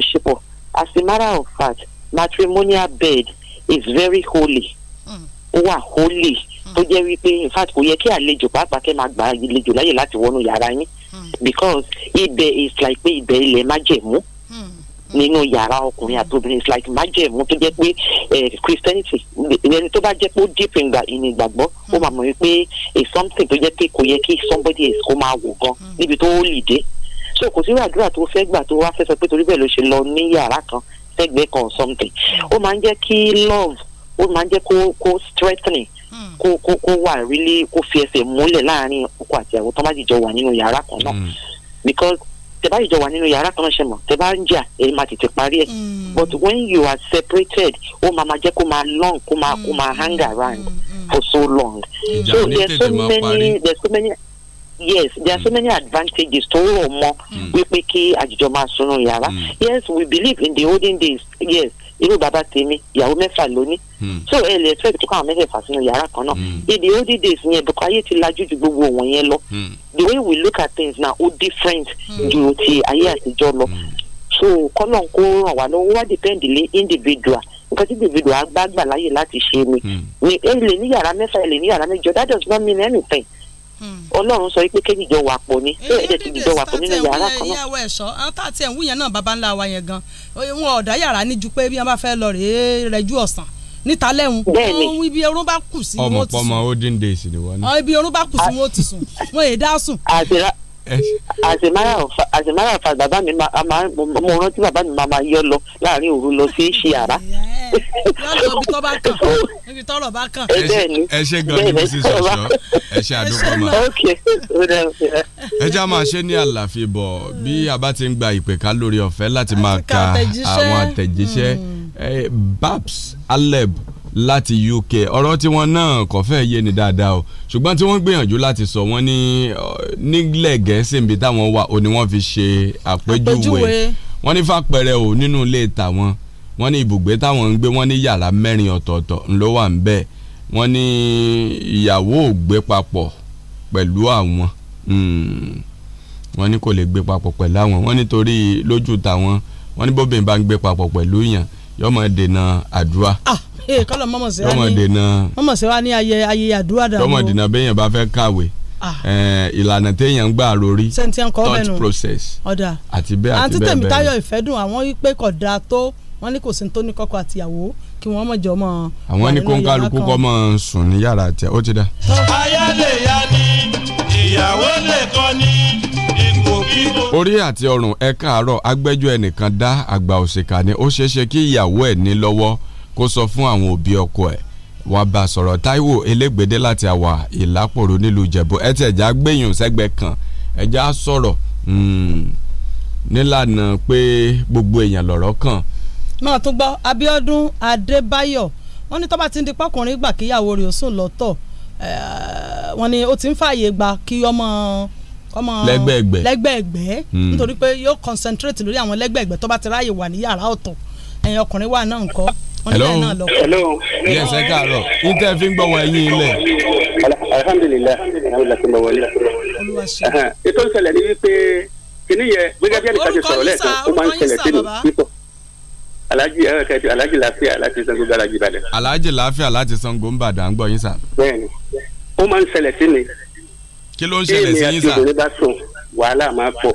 as a matter of fact matrimonial bed is very holy hmm. ó wà holy hmm. tó jẹ́ wípé in fact kò yẹ kí àlejò pàápàá kẹ́ máa gba àlejò láyè láti wọnú yàrá yín hmm. because ibẹ̀ is like pé ibẹ̀ ilẹ̀ májẹ̀mú nínú yàrá ọkùnrin àti obìnrin is like májẹ̀mú tó jẹ́ pé eh, christianity ẹni tó bá jẹ́ pé ó deep in ìgbàgbọ́ ó máa mọ̀ wípé it's something tó jẹ́ pé kò yẹ kí somebody else kó máa wò gan níbi tó ó lì dé so kò sí àdúrà tó fẹ́ gbà tó wá fẹ́ sọ pé torí bẹ́ẹ̀ ló ṣe lọ ní yàrá kan sẹ́gbẹ́ kan something ó máa ń jẹ́ kí love ó máa ń jẹ́ kó kó strengthening hmm. kó kó kó wà really kó fi ẹsẹ̀ múlẹ̀ láàrin ọkọ àti àwọn tó bá jìjọ wà nínú yàrá kan náà hmm. because tẹ́ bá jìjọ wà nínú yàrá kan náà ṣe mọ̀ tẹ́ bá ń jà èyí máa tètè parí ẹ̀ hmm. but when you are separated ó máa máa jẹ́ kó máa long kó máa kó máa hang around for so long so yeah, so many there's so many. yes there are so many advantages tó rọ̀ mọ́ wípé kí àjùjọ máa sunú yàrá mm. yes we believe in the olden days yes irú bàbá tèmi ìyàwó mẹ́fà lónìí mm. so ẹ lè expect kó àwọn mẹ́fẹ̀ẹ́fà sínú yàrá kan náà mm. in the olden days yẹn bùkọ́ ayé ti lajú ju gbogbo òun yẹn lọ the way we look at things now ó different ju ti ayé àtijọ́ lọ so kọ́nà kó ràn wá lọ́wọ́ wá depend lé individual nǹkan tí individual gbàgbà láyè láti ṣe ni ẹ lè ní yàrá mẹ́fà ẹ lè ní yàrá mẹ́jọ that does not mean anything. ọlọ́run sọ pé kéjì jọ wà pọ̀ ni ṣé ẹ̀jẹ̀ ti jọ wà pọ̀ nínú yàrá kan náà. ìyàwó ẹ̀ṣọ́ àwọn tá àti ẹ̀wù yẹn náà baba ńlá wa yẹn gan wọn ọ̀dà yàrá ní ju pé bí wọn bá fẹ́ lọ rèé rẹjú ọ̀sán níta lẹ́hùn ohun ibi orun bá kù sí wọn ti sùn ọmọ pọmọ olden days ni wọn ní. ibi orun bá kù sí wọn ti sùn wọn èdè á sùn àṣemárà fa bàbá mi mo rántí bàbá mi máa yọ lọ láàrin òru lọ sí ṣìyàrá. yọ̀ọ́ ibi tó bá kàn ibi tọ́rọ̀ bá kàn. ẹ ṣe gan ni mrs ọ̀ṣọ́ ẹ ṣe àdókò ma. ẹ já máa ṣe ní àlàfi bọ̀ bí a bá ti ń gba ìpè ká lórí ọ̀fẹ́ láti máa ka àwọn àtẹ̀jíṣẹ́ hmm. eh, babs aleb láti UK ọ̀rọ̀ tí wọ́n náà kò fẹ́ yé ni dáadáa o ṣùgbọ́n tí wọ́n gbìyànjú láti sọ wọ́n ní nílẹ̀ gẹ̀ẹ́sì níbi táwọn wà ó ní wọ́n fi ṣe àpèjúwe wọ́n ní fàpẹẹrẹ o nínú ilé tàwọn wọ́n ní ibùgbé táwọn ń gbé wọ́n ní yàrá mẹ́rin ọ̀tọ̀ọ̀tọ̀ ńlọ wà ń bẹ̀ wọ́n ní ìyàwó ò gbé papọ̀ pẹ̀lú àwọn hmm. wọ́n ní kò lè gbé papọ̀ pẹ̀lú àwọn wọ́n nítorí lójú tàwọn wọ́n ní bóbìnrin bá ń gbé papọ̀ pẹ̀lú yàn yọmọ dènà àdúrà. ah ee kọ́lọ̀ mọ́mọ́ sí wa ní mọ́mọ́ sí wa ní ayé ayé àdúrà dàrú. tọmọ dènà béèyàn bá fẹ́ kàwé ah. ìlànà téèyàn ń gbà lórí thought process àti bẹ́ẹ̀ àti bẹ́ẹ̀ bẹ́ẹ̀. àǹtí Tèmítáyọ̀ Ìfẹ́dùn àwọn pé kò dáa tó wọ́n ní kò sí tó ní kọ́kọ́ àtìyàwó kí wọ́n mọ̀ jọ mọ́. àwọn ní kó ń kálukú kọ́ mọ́ sùn ní yàrá àti ó ti dá. aya lè ya ni ìyàwó lè kọ́ ni ipò kíkó. orí àti ọrùn ẹ káàárọ̀ agbẹ́jọ́ ẹnìkan dá àgbà òṣìkà ni ó ṣeéṣe kí ìyàwó ẹ̀ ní lọ́wọ́ kó sọ fún àwọn òbí ọkọ ẹ̀ wàá bá a sọ̀rọ̀ Táíwò Elégbèdé láti àwà Ìlàpòrò nílùú Ìjẹ̀bú ẹ ti ẹ̀já gbẹ̀yìn sẹ́gbẹ̀ kan ẹ̀já sọ̀rọ̀ hmm. nílànà pé gbogbo èèyàn lọ̀rọ̀ kàn. náà tún gbọ́ Abíọ́dún Adébáyọ̀ wọ́n ní tọ́ba ti ń di pọ́kùnrin gbà kíyàwó rẹ̀ sùn lọ́tọ̀ wọ́n ní ó ti ń fààyè gbà kí ọmọ ọmọ lẹ́gbẹ̀ẹ́gbẹ́ lẹ́gbẹ̀ẹ́gbẹ́ hmm. nítorí pé yóò concentrate lórí àwọn lẹ́gbẹ̀ẹ́gbẹ́ tó bá ti ráàyè wà ní yàrá ọ̀tọ̀ ẹ̀yin ọkùnrin wà náà ńkọ́ wọ́n hello yes ẹ káàárọ̀ intanet fi ń gbọ́ wọ ẹ̀yìn ilẹ̀. alhamdulilayi alhamdulilayi ti ń bọ̀ wọlé. ètò ìṣẹ̀lẹ̀ ni wípé kìnìún yẹ gbẹgẹ́ bí ẹnìkan ti sọ̀rọ̀ lẹ́ẹ̀kan ó máa ń ṣẹlẹ̀ sínú pípọ̀ alhaji ẹ kẹtù alhaji lafiya láti Ṣàngó garaji Ìbàdàn. alhaji lafiya láti Ṣàngó ń bàdàn ń gbọ́ yín sà. bẹ́ẹ̀ni ó máa ń ṣẹlẹ̀ sí mi. kí ló ń ṣẹlẹ̀ sí yín sà. èmi àti obìnrin bá sùn wàhálà máa pọ̀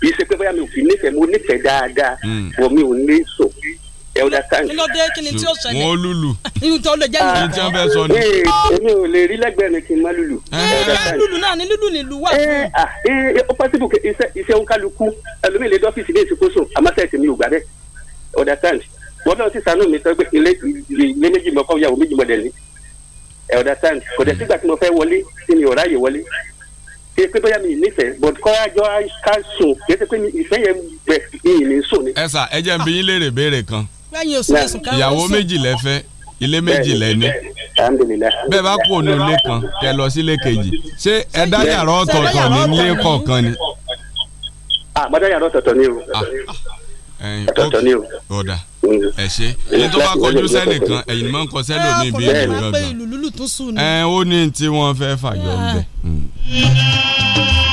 kì í ṣe pé bóyá mi ò fi nífẹ̀ẹ́ mo nífẹ̀ẹ́ dáadáa wọ hmm. mi ò ní sùn ẹ wọ́n dá kí ló dé kí ni tí ó ṣẹlẹ̀ wọ́n lùlù irú tó lè jẹ́ ìlú tí wọ́n fẹ́ sọ ni. èmi ò lè rí lẹ́gbẹ̀ẹ́ mi kí n má lùlù. lùlù náà ni lùlù ni lù wà. Eh, ah, eh, eh, ó pọ́sibù iṣẹ́ iṣẹ́ ń kálukú ẹlòmíì lè dọ́fíìsì ní ìsìnkóso àmọ́sẹ̀ tèmi ò gbà bẹ́ẹ̀ ọ̀dà tán wọ́n náà ti sànú mi sọ pé ilé méjì mọ́kọ́ ìyàwó méjì mọ́dẹ̀ ni ọ̀dà tán kò dẹ̀ sígbà tí mo fẹ́ wọlé tí mi ò ráyè wọlé kí pé bóyá mi nífẹ̀ẹ́ but kọ́yájọ́ ká sùn kí ẹ ti pé ìfẹ́ yẹn gbẹ̀ mi ì ní sùn ni. ẹ sà ẹ jẹ́ n bi yín léèrè béèrè kan lẹ́yìn oṣù mẹ́sàn-án káwọn. ìyàwó méjì lẹ fẹ́ ilé méjì lẹ ní bẹ́ẹ̀ bá kú ònú ilé kan kẹ lọ sí ilé kejì ṣé ẹ dá yàrá ọ̀tọ̀ọ̀tọ̀ ní ilé kọ̀ọ̀kan ni. àmọ́dá ah, yàrá ọ̀tọ̀ọ̀tọ̀ ni o ah, ọ̀tọ̀ọ̀tọ̀ ni o. ọ̀dà mm. ẹ ṣe ẹni tó bá kọjú sẹ́nìkan ẹ̀yìn máa ń kọ sẹ́lò ní ibi ìlú gbọ̀ngàn ẹ ó ní tí wọ́n fẹ́ fàyọ̀ ń mm.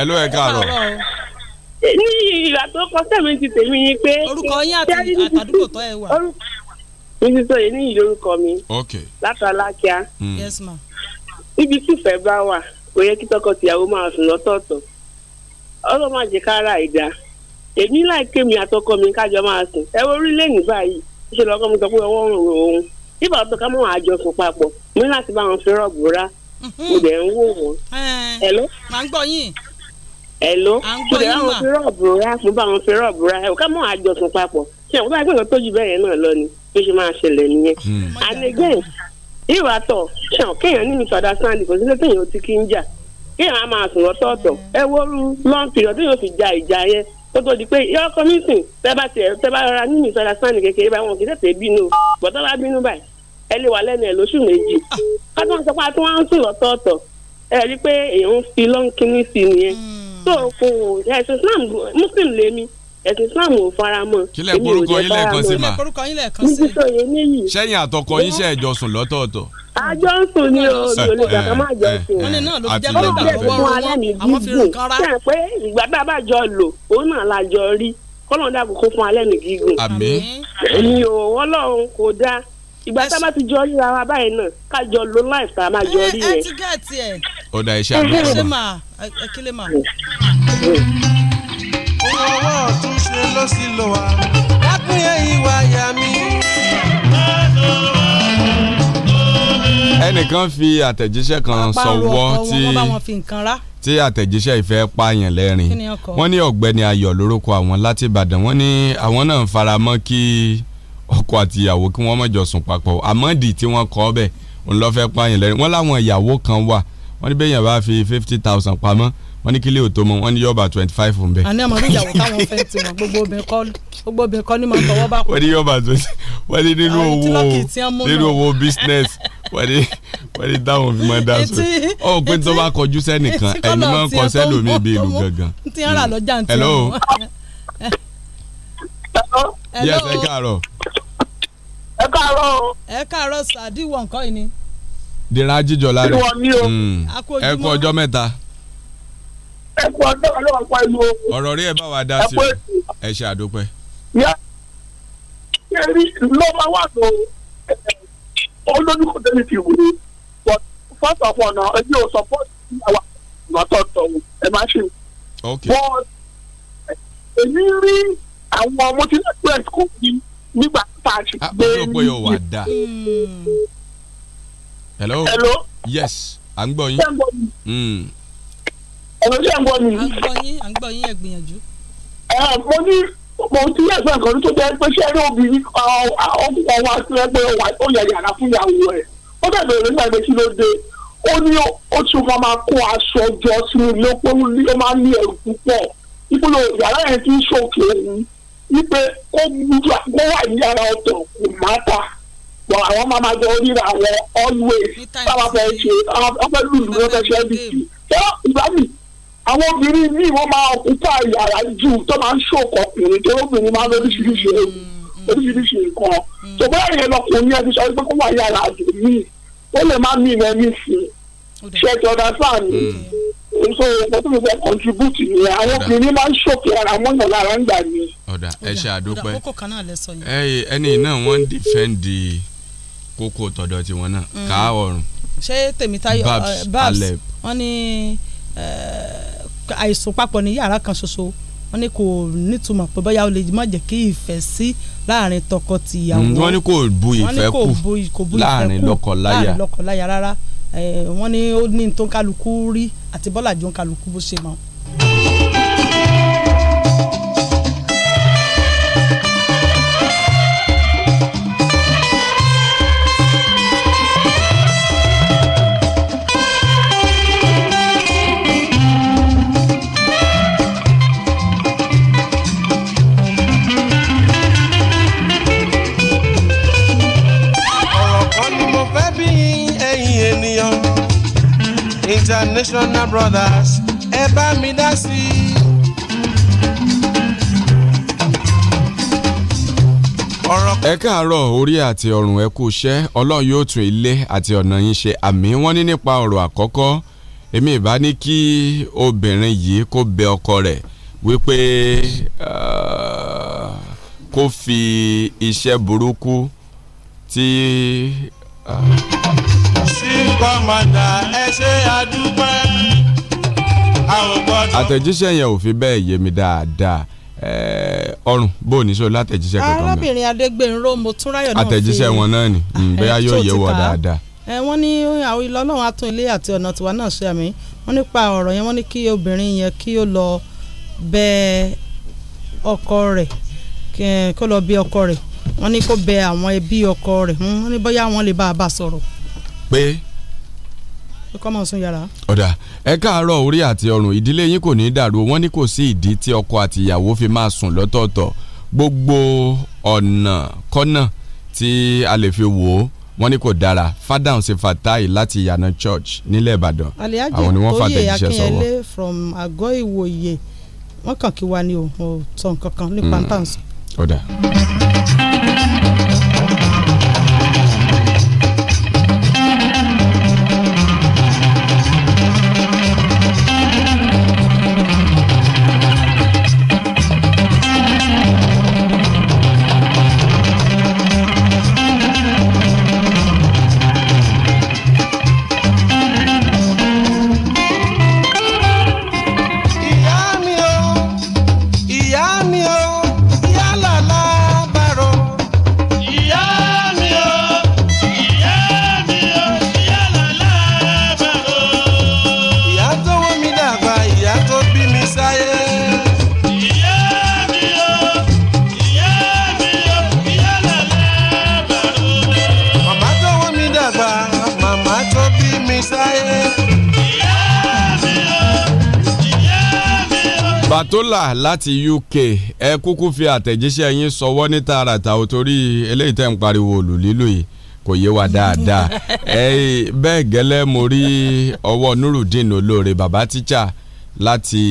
hello ẹ káàárọ̀. ní ìgbà tó kọ sẹ́mi ti tèmi ni pé. orúkọ yín àti àdúgbò tó ẹ wà. ibi tó ní mi. ok hmm. yes ma. ibi tí ìfẹ́ bá wà kò yẹ kí mi àtọkọ mi kájọ máa sùn ẹ orílẹ̀ báyìí ìṣẹ̀lẹ̀ ọkọ mi sọ pé ọwọ́ ń òun nígbà tó ká mọ́ àjọ papọ̀ láti bá wọn mhm. mo eh. ẹ̀ló mo lè fi rọ́ọ̀bù rá mo báwọn fi rọ́ọ̀bù rá ẹ̀ ká mọ̀ àjọsùn papọ̀ ṣé àwọn báyìí gbọ́dọ̀ tójú bẹ́ẹ̀ náà lọ ni bí ṣe máa ṣẹlẹ̀ nìyẹn hmm. and ìwà tọ̀ ṣàn kéèyàn ní misunderstanding kò sí pé téèyàn ti kí ń jà kéèyàn á máa sùn lọ́tọ̀ọ̀tọ̀ ẹ wóoru long period téèyàn fi ja ìjà yẹn tó tó di pé yọ commission tẹ́ tẹ́ bá ah. pé èèyàn ń fi lọ́nkíní sí i nìyẹn. Hmm so kò ẹ̀sìn islam muslim lèmi ẹ̀sìn islam ò fara mọ́ kílẹ̀ korúkọ yín lẹ́ẹ̀kan sí ma níbi tó yẹ níyì. sẹ́yìn àtọkọ yín ṣe ẹ̀jọ sùn lọ́tọ̀ọ̀tọ̀. àjọ sùn ni o mi ò lè gbàgbọ́ máa eh, eh, jọ sùn. Eh, wọ́n ní náà ló fi jẹ́ pé ìgbàgbọ́ wọn alẹ́ mi gígùn sẹ́yìn pé ìgbà tá a bá jọ lò òun náà la jọ rí kọ́lọ́ọ̀dà kò kó fún alẹ́ mi gígùn. àmín. èmi ò wọ́lọ́run kò dáa ìgbà tá a bá ti jọ rí ara báyìí náà ká jọ lo life tá máa jọ eh, rí yẹn. Eh, ẹ ti gẹ̀ẹ́tì ẹ̀. ó da iṣẹ́ àgbẹ̀ ọ̀rọ̀ mọ́. ẹ kílè mà. ohun ọwọ́ ọ̀tún ṣe ló sì lò wá lápẹ́yẹ ìwà ìyá mi. ẹnìkan fi àtẹ̀jíṣẹ́ kan sọ̀wọ́ tí tí àtẹ̀jíṣẹ́ ìfẹ́ pààyàn lẹ́rìn wọ́n ní ọ̀gbẹ́ni ayọ̀ lórúkọ àwọn láti ìbàdàn wọ́n ní àwọn náà ń faramọ́ kí ọkọ àti ìyàwó kí wọ́n má sùn papọ̀ àmọ́dì tí wọ́n kọ́ bẹ̀ òun lọ́ fẹ́ pààyàn lẹ́rìn wọ́n láwọn ìyàwó kan wà wọ́n ní bẹ́ẹ̀ bá fi fifty thousand pamọ́ wọ́n ní kílé òtó mọ́ wọ́n ní yọ̀ọ̀bà twenty five ń bẹ̀. àní àmọ́ bí ìyàwó táwọn fẹ́ ti wọn gbogbo obìnrin kọ́ gbogbo obìnrin kọ́ ni máa ń bá kú. wọ́n ní yọ̀ọ̀bà twenty ní nínú owó nínú owó business wọ́n ní wọ́n ní táwọn fi máa dá so. ó pé tó bá kọjú sẹ́nìkan ẹni máa ń kọ sẹ́lòmíì bíi ìlú gangan. ti ń rà lọ́jà ń tẹ̀ wọ́n. hello. yes ẹ káàárọ̀ káàárọ̀ o. ẹ káàárọ̀ sàdíwọ nǹkan yìí ni. dìran ajíjọlá rẹ ẹ kú ọjọ́ mẹ́ta. ẹ kú ọjọ́ ọlọ́wọ́ pa ìlú o. ọ̀rọ̀ rí ẹ bá wa dá sí o ẹ ṣe àdópẹ́. yẹ́nì ló máa wà tó olódùkọ̀ tẹ́lẹ̀ ti wù ní but first of all na ẹbí o support our ọ̀tọ̀ọ̀tọ̀ ẹ máa ṣe. but èmi rí àwọn ọmọ tí wọ́n pẹ́ school yìí nígbà patch gbé ní. hello. hello. yes à ń gbọ́ yín. ẹ̀rọ hmm. ṣe ń gbọ́ mi. à ń gbọ́ yín à ń mo ti yẹ ẹgbẹ́ tó jẹ́ pé ṣé ẹni obìnrin ọkùnrin ọwọ́ àti ẹgbẹ́ ọwọ́ ó yẹ yàrá fún ìyàwó ẹ̀ ó dẹ̀ bẹ̀rẹ̀ nígbà ìgbẹ́ ló dé ó ní ó tún máa máa kó aṣọ jọ sínú ilé ó máa ń ní ẹrù púpọ̀ ìpínlẹ̀ yàrá yẹn ti ń ṣòkè òun wípé kó kó wà ní ara ọ̀tọ̀ kò má ta bọ̀ àwọn máa ma jọ ríra àwọn always táwa fẹ́ ṣe ọfẹ́ lùlù wọn fẹ́ ṣe ẹbí sí tó ìbámu àwọn obìnrin míì wọ́n máa òkúta yàrá jù tó máa ń ṣòkò ọkùnrin tó obìnrin máa ń lóríṣiríṣi hmm, oríṣiríṣi hmm. nǹkan hmm. ṣùgbọ́n ẹ̀yẹ lọkùnrin ẹni sọ pé kó wà yàrá jù míì ó lè má mí ìrẹ́ni sí ṣe é ti ọ̀dà sáà ni so nǹkan tó mi fẹ́ contribute ni àwọn obìnrin máa ń ṣòkè ara wọn yàn lára ń gbà mí. ọ̀dà ẹ ṣe àdópẹ́ ẹni náà wọ́n ń dìfẹ́ǹdì kókó tọ̀dọ̀ tiwọn náà mm. ká ọ̀run. ṣé tèmítáyọ̀ babs eh, wọ́n ní eh, àìsùn papọ̀ ní yàrá kan ṣoṣo wọ́n ní kò nítumọ̀ pé bóyá o lè má jẹ́ kí ìfẹ́ sí láàrin tọkọ tìyàwó. wọ́n ní kò bu ìfẹ́ kù láàrin lọ́kọláya rárá Eh, wọ́n ní ó ní tó ń kálukú rí àti bọ́làjì ń kálukú bó ṣe mọ́ international brothers ẹ bá mi dá sí i. ẹ káàárọ̀ orí àti ọrùn ẹ kú iṣẹ́ ọlọ́run yóò tún ilé àti ọ̀nà yín ṣe àmì wọ́n ní nípa ọ̀rọ̀ àkọ́kọ́ èmi ìbá ní kí obìnrin yìí kó bẹ ọkọ rẹ̀ wípé ah, kó fi iṣẹ́ burúkú tí. Uh, commander ẹ ṣe àdúpẹ́ àtẹ̀jíṣẹ́ yẹn ò fi bẹ́ẹ̀ yé mi dáadáa ọrùn bó o ní sọ látẹ̀jíṣẹ́ kankan náà arábìnrin adégbènró motúnráyọ̀ náà fi àtẹ̀jíṣẹ́ wọn náà ni mm, bóyá yóò yé wọ dáadáa. wọ́n ní àwọn ilé ọlọ́run atún ilé àti ọ̀nà tiwa náà ṣe àmì wọ́n nípa ọ̀rọ̀ yẹn wọ́n ní kí obìnrin yẹn kí ó lọ bẹ ọkọ rẹ̀ kó lọ bẹ ọkọ rẹ̀ wọ́n ní kó bẹ àwọn ẹbí ọkọ rẹ̀ hmm, wọ́n ní bóyá wọ́n lè bá a bá sọ̀rọ̀ pé. kọ́ mọ̀ sún yàrá. ọ̀dà ẹ káàárọ̀ orí àti ọrùn ìdílé yín kò ní í dàrú wọ́n ní kò sí ìdí tí ọkọ àti ìyàwó fi máa sùn lọ́tọ̀ọ̀tọ̀ gbogbo ọ̀nà kọ́nà tí a lè fi wò ó wọ́n ní kò dára fádàn ṣe fàtáì láti ìyànà church nílẹ̀ ìbàdàn àwọn ni wọ́n fàtẹ̀jíṣẹ́ sọ̀wọ́. aliaje oyè from àgọ́ ìwòye wọ́n kàn kí wa ni o ò tọ̀ nǹkan kan nípa hmm. ntàǹsì. ọ̀dà. tó là láti UK ẹ kúkú fi àtẹ̀jíṣẹ́ yín sọwọ́ ní tààràtà ò torí eléyìí tẹ̀ ń pariwo òlù lílù yìí kò yé wa dáadáa ẹ bẹ́ẹ̀ gẹ́lẹ́ mo rí ọwọ́ Nurudeen olóore bàbá tíṣà láti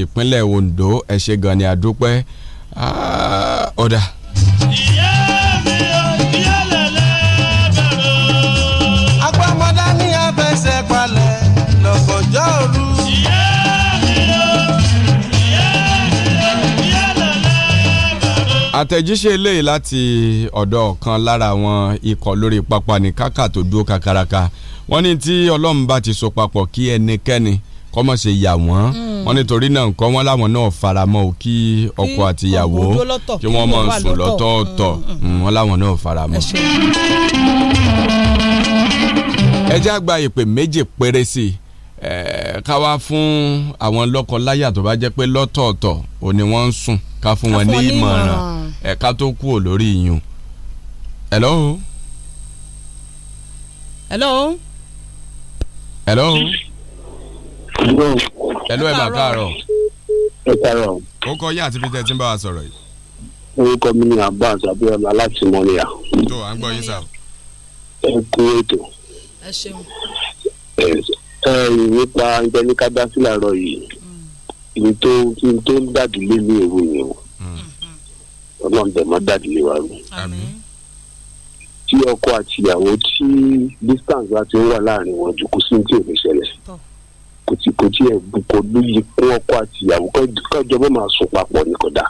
ìpínlẹ̀ Ondo ẹ ṣé gan ni àdúpẹ́ ah, ọ̀dà. Ah, àtẹ̀jíṣẹ́ eléyìí láti ọ̀dọ̀ kan lára àwọn ikọ̀ lórí pápá ní kákà tó dúró kakaraka wọ́n ní tí ọlọ́run bá ti so papọ̀ kí ẹnikẹ́ni kọ́mọ̀ ṣe yà wọ́n hmm. wọ́n nítorí náà nǹkan wọn láwọn náà faramọ́ o kí ọkọ àtìyàwó kí wọ́n mọ̀ sùn lọ́tọ̀ọ̀tọ̀ hmm, hmm, wọn láwọn náà faramọ́. ẹ jẹ́ àgbà ìpè méjì péré sí i ká wá fún àwọn lọ́kọ láyà tó bá jẹ́ pé lọ́tọ̀ọ̀tọ̀ òní wọ́n ń sùn ká fún wọn ní ìmọ̀ràn ẹ̀ka tó kú ò lórí iyùn. hello. hello. hello. hello ẹ̀ máa káàárọ̀. ẹ káàárọ̀. ó kọ yá àti bí tẹ́ ti ń bá wa sọ̀rọ̀ yìí. orúkọ mi ni abbas abiola láti mọ́níyà. tó à ń gbọ́ yín sá. ẹ kú ètò. ẹ ṣeun. ẹ ẹ nípa ìjẹni ká dá sílẹ̀ àárọ̀ yìí ìní mm. tó ń dàdí lé ní èrò yẹn o ọlọ́run dẹ̀ mọ́ dàdílé wa rú. tí ọkọ àtìyàwó tí distance bá ti wà láàrin wọn jù kó sí ní tí ò ní ṣẹlẹ̀ kò tí kò tí ẹ̀ kò ní yí kún ọkọ àtìyàwó kájọ bó máa sùn papọ̀ ní kódà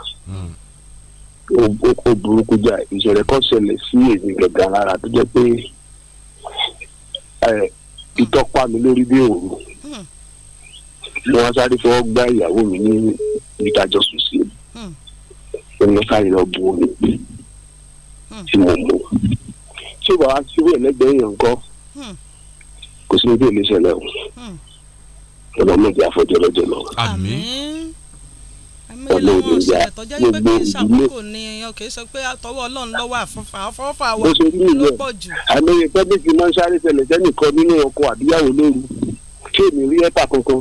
ó burúkú jà ìṣẹ̀lẹ̀ kan ṣẹlẹ̀ sí èmi gẹ̀gẹ̀ ara tó jẹ́ pé ìtọ́pá mi lórí bí òru ni hmm. wọ́n sáré fọwọ́ gbá ìyàwó mi ní ìdájọ́ sí i. Hmm ẹni lọ sáré lọ bu omi tí mo mú tí wàá síwèé lẹ́gbẹ̀ẹ́ yẹn kọ kò sí ibi èmi ṣẹlẹ̀ o ọlọ méjì àfọjọ lọ́jọ́ lọ. àmín ọlọ òdìjà gbogbo ìdílé bó ṣe ní ìyẹn àmọye pẹ́ẹ́bí ti máa ń sáré ṣẹlẹ̀ sẹ́nìkan nínú ọkọ àbíyáwó lóru tí èmi rí ẹ́pà kankan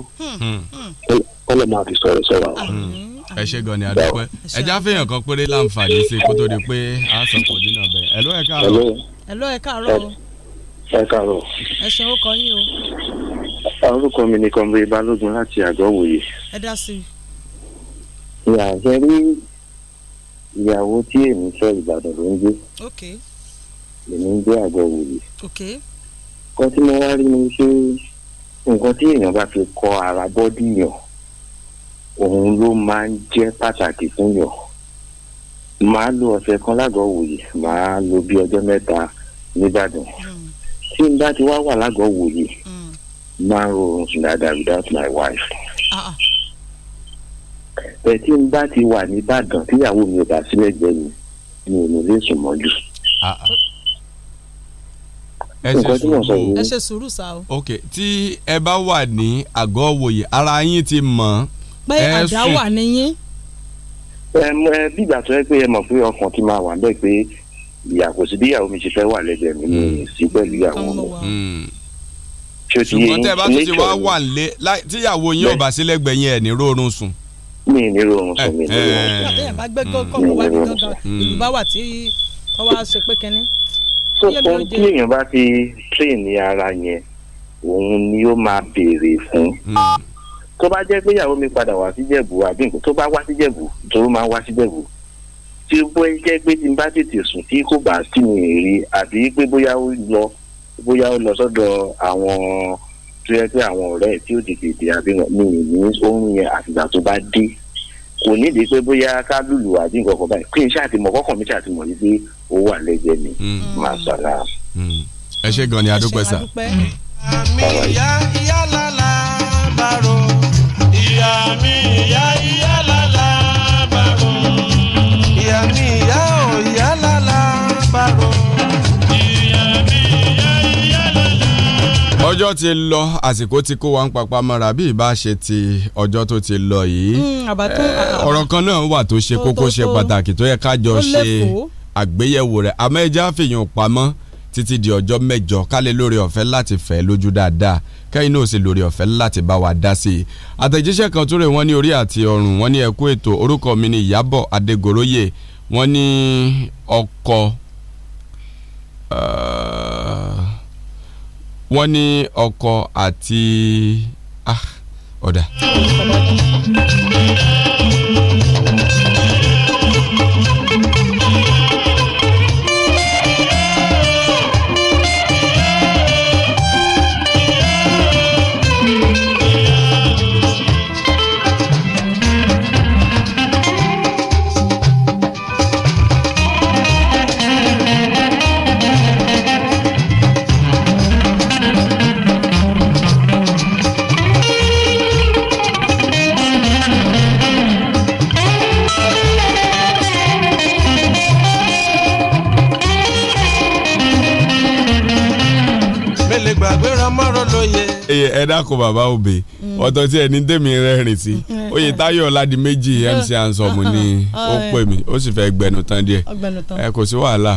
ọlọ máa fi sọ̀rọ̀ sọ̀rọ̀ àwọn ẹ ṣe gan ni àdúpẹ́ ẹ já fẹ́yàn kan péré láǹfààní sí kó tó di pé a sọ kò dínà bẹ́ẹ̀ ẹ̀ló ẹ̀ káàárọ̀. ẹ̀ló ẹ̀ káàárọ̀. ẹ káàárọ̀. ẹ ṣe orúkọ yín o. orúkọ mi ni kọ́ńbé balógun láti àgọ́ òwòye. ẹ dá sí i. ìyá àjẹ rí ìyàwó tí èmi fẹ́ ìbàdàn ló ń gbé. èmi ń gbé àgọ́ òwòye. kan tí mo wá rí ni pé nǹkan tí èèyàn bá fi kọ ara bọ́dí yàn òun ló máa ń jẹ́ pàtàkì fún yàn màá lo ọ̀sẹ̀ kan lágọ̀ọ́ wòye màá lo bí ọjọ́ mẹ́ta nìbàdàn hmm. tí n bá ti wá wà lágọ̀ọ́ máa ń rọrùn sùn dáadáa without my wife. Ah, ah. ẹ tí n bá ti wà nìbàdàn tíyàwó mi ò bá sílẹ̀ jẹ́ mi mi ò ní lè sùn mọ́jú ah, ẹ ṣe sùúrù ẹ ṣe sùúrù sa ok tí ẹ bá wà ní àgọ́ wòye ara yín ti mọ̀ pé àdá wà níyìn. bí ìgbà tó yẹ pé ẹ mọ̀ pé ọkàn ti máa wà bẹ́ẹ̀ pé ìyà kò sí bí ìyàwó mi ṣe fẹ́ wà lẹ́gbẹ̀ẹ́ mi ní hmm. sí pẹ̀lú ìyàwó mi. Hmm. ṣùgbọ́n tẹ́ ẹ bá tún ti wá wà lé tíyàwó yín ò bá sí lẹ́gbẹ̀ẹ́ yẹn ẹ̀ ní rórun sùn. mi ní rórun sùn mi ní eh, rórun eh. sùn. àtẹ̀yẹ̀ bá gbẹ́ hmm. kọ́kọ́ wá ní dandan ìlú bá wà tí ọwọ́ á ṣe pé kínní tó ohun tí èèyàn bá fi train ní ara yẹn òun ni ó máa béèrè fún tó bá jẹ́ pé ìyàwó mi padà wá sí Jẹ̀bú àbí nǹkan tó bá wá sí Jẹ̀bú tòun máa wá sí Jẹ̀bú tí bó jẹ́ pé tí n bá tètè sùn tí kò bá sí mi rí àbí pé bóyá ó lọ bóyá ó lọ sọ́dọ̀ àwọn tó yẹ pé àwọn ọ̀rẹ́ tí ó tètè dé àbí mi ì ní oorun yẹn àtìgbà tó bá dé kò nídìí pé bóyá ká lùlù àbí nǹkan kan báyìí kí n ṣàtìmọ̀ kọ́kọ́ mi ṣàtìmọ̀ yìí pé ó wà lẹ́jẹ̀ mi hmm. máa sọ̀rọ̀. Hmm. ẹ ṣé gan ni adúpẹ́ sà. ìyá ìyá lálá bá rò ìyá mi ìyá ìyá lálá bàrò. ìyá mi ìyá ò ìyá lálá bàrò. ìyá mi ìyá ìyá lálá. ọjọ́ ti lọ àsìkò tí kó wa ń papá mọ́ra bí ìbá ṣe ti ọjọ́ tó ti lọ yìí. Hmm, ọ̀rọ̀ kan náà wà tó ṣe kókó ṣe pàtàkì tó yẹ ká ṣe àgbéyẹ̀wò rẹ̀ àmọ́ ẹja fìyàn pamọ́ títí di ọjọ́ mẹ́jọ kálẹ̀ lórí ọ̀fẹ́ láti fẹ́ lójú dáadáa kẹ́yìn náà ó sì lórí ọ̀fẹ́ láti bá wa dá sí i. àtẹ̀jíṣẹ́ kan tó rè wọ́n ní orí àti ọrùn wọ́n ní ẹ̀kú ètò orúkọ mi ní Ìyábọ̀ Adégoróyè wọ́n ní ọkọ̀ uh, wọ́n ní ọkọ̀ àti ah, ọ̀dà. ẹ dákun bàbá òbí mm. ọ̀tọ̀ tí ẹni tèmi rẹ́rìn sí mm. Mm. oyè táyọ̀ ọ̀làdìmẹ́jì mc ansomu ni ó pè mí ó sì fẹ́ gbẹnu tán díẹ̀ ẹ kò sí wàhálà.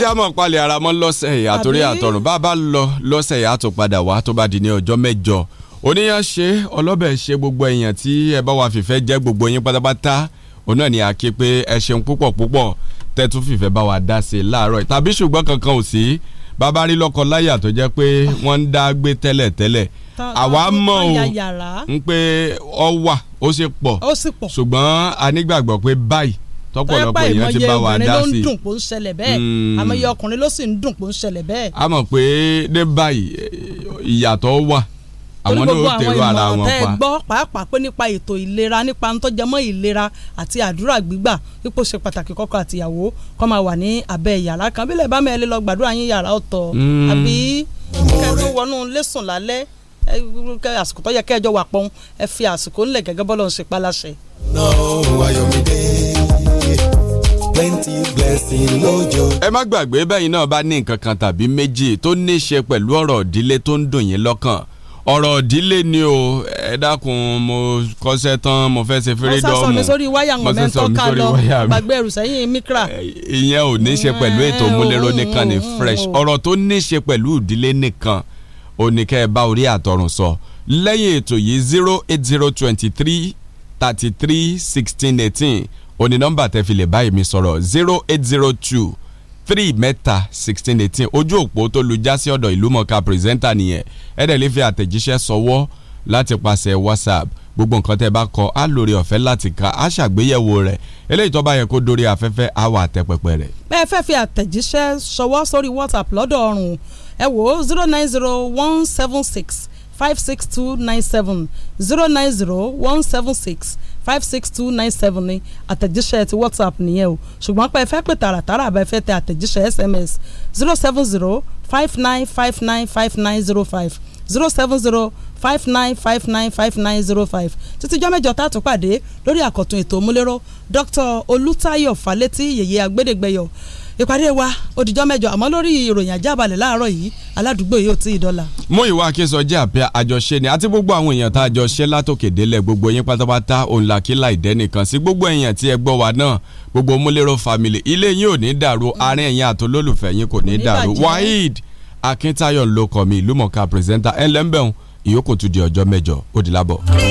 Yeah, palẹ̀ ara mọ́ lọ́sẹ̀ yìí àtòrí àtọ̀run bá a bá lọ lọ́sẹ̀ yìí àtò padà wá tó bá di ní ọjọ́ mẹ́jọ oníyàn ṣe ọlọ́bẹ̀ ṣe gbogbo èèyàn tí ẹ bá wa fìfẹ́ jẹ́ gbogbo yín pátápátá òun náà ni a ké pé ẹ ṣeun púpọ̀ púpọ̀ tẹ́tún fìfẹ́ bá wa dá sí i láàárọ̀ tàbí ṣùgbọ́n kankan ò sí bàbá rí lọ́kọ láyà tó jẹ́ pé wọ́n ń dá gbé tẹ́lẹ̀ tẹ́lẹ̀ àwa mọ̀ o ń pé ọ wà ó sì pọ̀ ṣùgbọ́n a nígbàgbọ́ pé báyìí tọpọlọpọ èèyàn ti bá wa dá sí i àmọye ọkùnrin ló ń dùn kó ń ṣẹlẹ̀ bẹ́ẹ̀ hmm. àmọye ọkùnrin ló sì ń dùn kó ń ṣẹlẹ̀ bẹ́ẹ̀. a mọ̀ pé dé báyìí ìyàtọ̀ wà àwọn náà ó tèrò ara wọn pa. gbọ́ pàápàá pé nípa ètò ìlera nípa ń tọ́jà mọ́ ìlera àti àdúrà gbígbà ipò ṣe pàtàkì kọ́kọ́ àtìyàwó kọ́ máa wà ní abẹ́ yàrá kan bílẹ̀ bá mẹ́rin lọ gbàdúrà yín yàrá ọ̀tọ̀ hmm. àbí kẹ́ẹ̀dó wọnú lẹ́sùn lálẹ́ àsìkò tó yẹ kẹ́ẹ̀jọ wà pọ́n ẹ fi àsìkò ńlẹ̀ gẹ́gẹ́ bọ́lọ̀ ẹ má gbàgbé bẹ́yìn náà bá ní nǹkan kan tàbí méjì tó ní í ṣe pẹ̀lú ọ̀rọ̀ ìdílé tó ń dùn yín lọ́kàn ọ̀rọ̀ ìdílé ni o ẹ dákun mo kọ́sẹ́ tán mo fẹ́ ṣe fèrè dọ́ọ̀mù mo sọ mi sórí wáyà wọn mẹ́tọ́ ká lọ gbàgbé ẹrù sẹ́yìn mikra. ìyẹn ò ní ṣe pẹ̀lú ètò mm, múlẹ́rọ mm, nìkan ni mm, fresh ọ̀rọ̀ tó ní ṣe pẹ̀lú ìdílé nìkan ò ní kẹ́ ẹ bá orí àtọrùn sọ lẹ́yìn ètò yìí zero eight zero twenty three thirty three sixteen eighteen òní nọ́mbà tẹ́ fi lè bá èmi sọ̀rọ̀ zero eight zero two three mẹ́ta sixteen eighteen ojú òpó tó lu jásí ọ̀dọ̀ ìlúmọ̀ọ́ká pírẹsẹ́ńtà nìyẹn ẹ̀ẹ́dẹ̀lẹ́ fi àtẹ̀jíṣẹ́ sọwọ́ láti pàṣẹ whatsapp gbogbo nǹkan tẹ́ bá kọ á lórí ọ̀fẹ́ láti ka á ṣàgbéyẹ̀wò rẹ̀ eléyìí tó bá yẹ kó dórí afẹ́fẹ́ á wà tẹpẹpẹ rẹ̀. bẹ́ẹ̀ fẹ́ fi àtẹ̀jíṣẹ́ ṣọwọ́ sórí whatsapp lọ́dọ̀ ọ̀run ẹ wò ó zero nine zero one seven six five six two nine seven zero nine zero one seven six five six two nine seven ni àtẹ̀jíṣẹ́ ti whatsapp nìyẹn o ṣùgbọ́n pé ẹ fẹ́ pè tààràtàrà àbẹ́ fẹ́ tẹ àtẹ̀jíṣẹ́ sms zero seven zero five nine five nine five nine zero five zero seven zero five nine five nine five nine zero five títí jọ́ mẹ́jọ tààtù pàdé lórí àkọ́tún ètò òmúlérò dr olùtayọ̀ falẹ́tí yèyé agbẹ́dẹ́gbẹ́yọ̀ ìpàdé e wa òdìjọ́ mẹ́jọ àmọ́ lórí ìròyìn àjábalẹ̀ láàárọ̀ yìí aládùúgbò yóò tí ì dọ́là. mú ìwà àkínsọ jẹ́ àpẹ àjọṣe ni àti gbogbo àwọn èèyàn tá a jọ ṣe látòkè délẹ̀ gbogbo yín pátápátá òun là kí láì dẹ́ nìkan sí gbogbo èèyàn tí ẹ gbọ́ wa náà gbogbo múlẹ́rọ family ilé yín ò ní dàrú mm. àárín ẹ̀yin àtolólùfẹ́ yín kò ní dàrú waheed akíntáyọ̀ ló kọ́ mi ìlú mọ̀ká pírẹsẹ́ńtà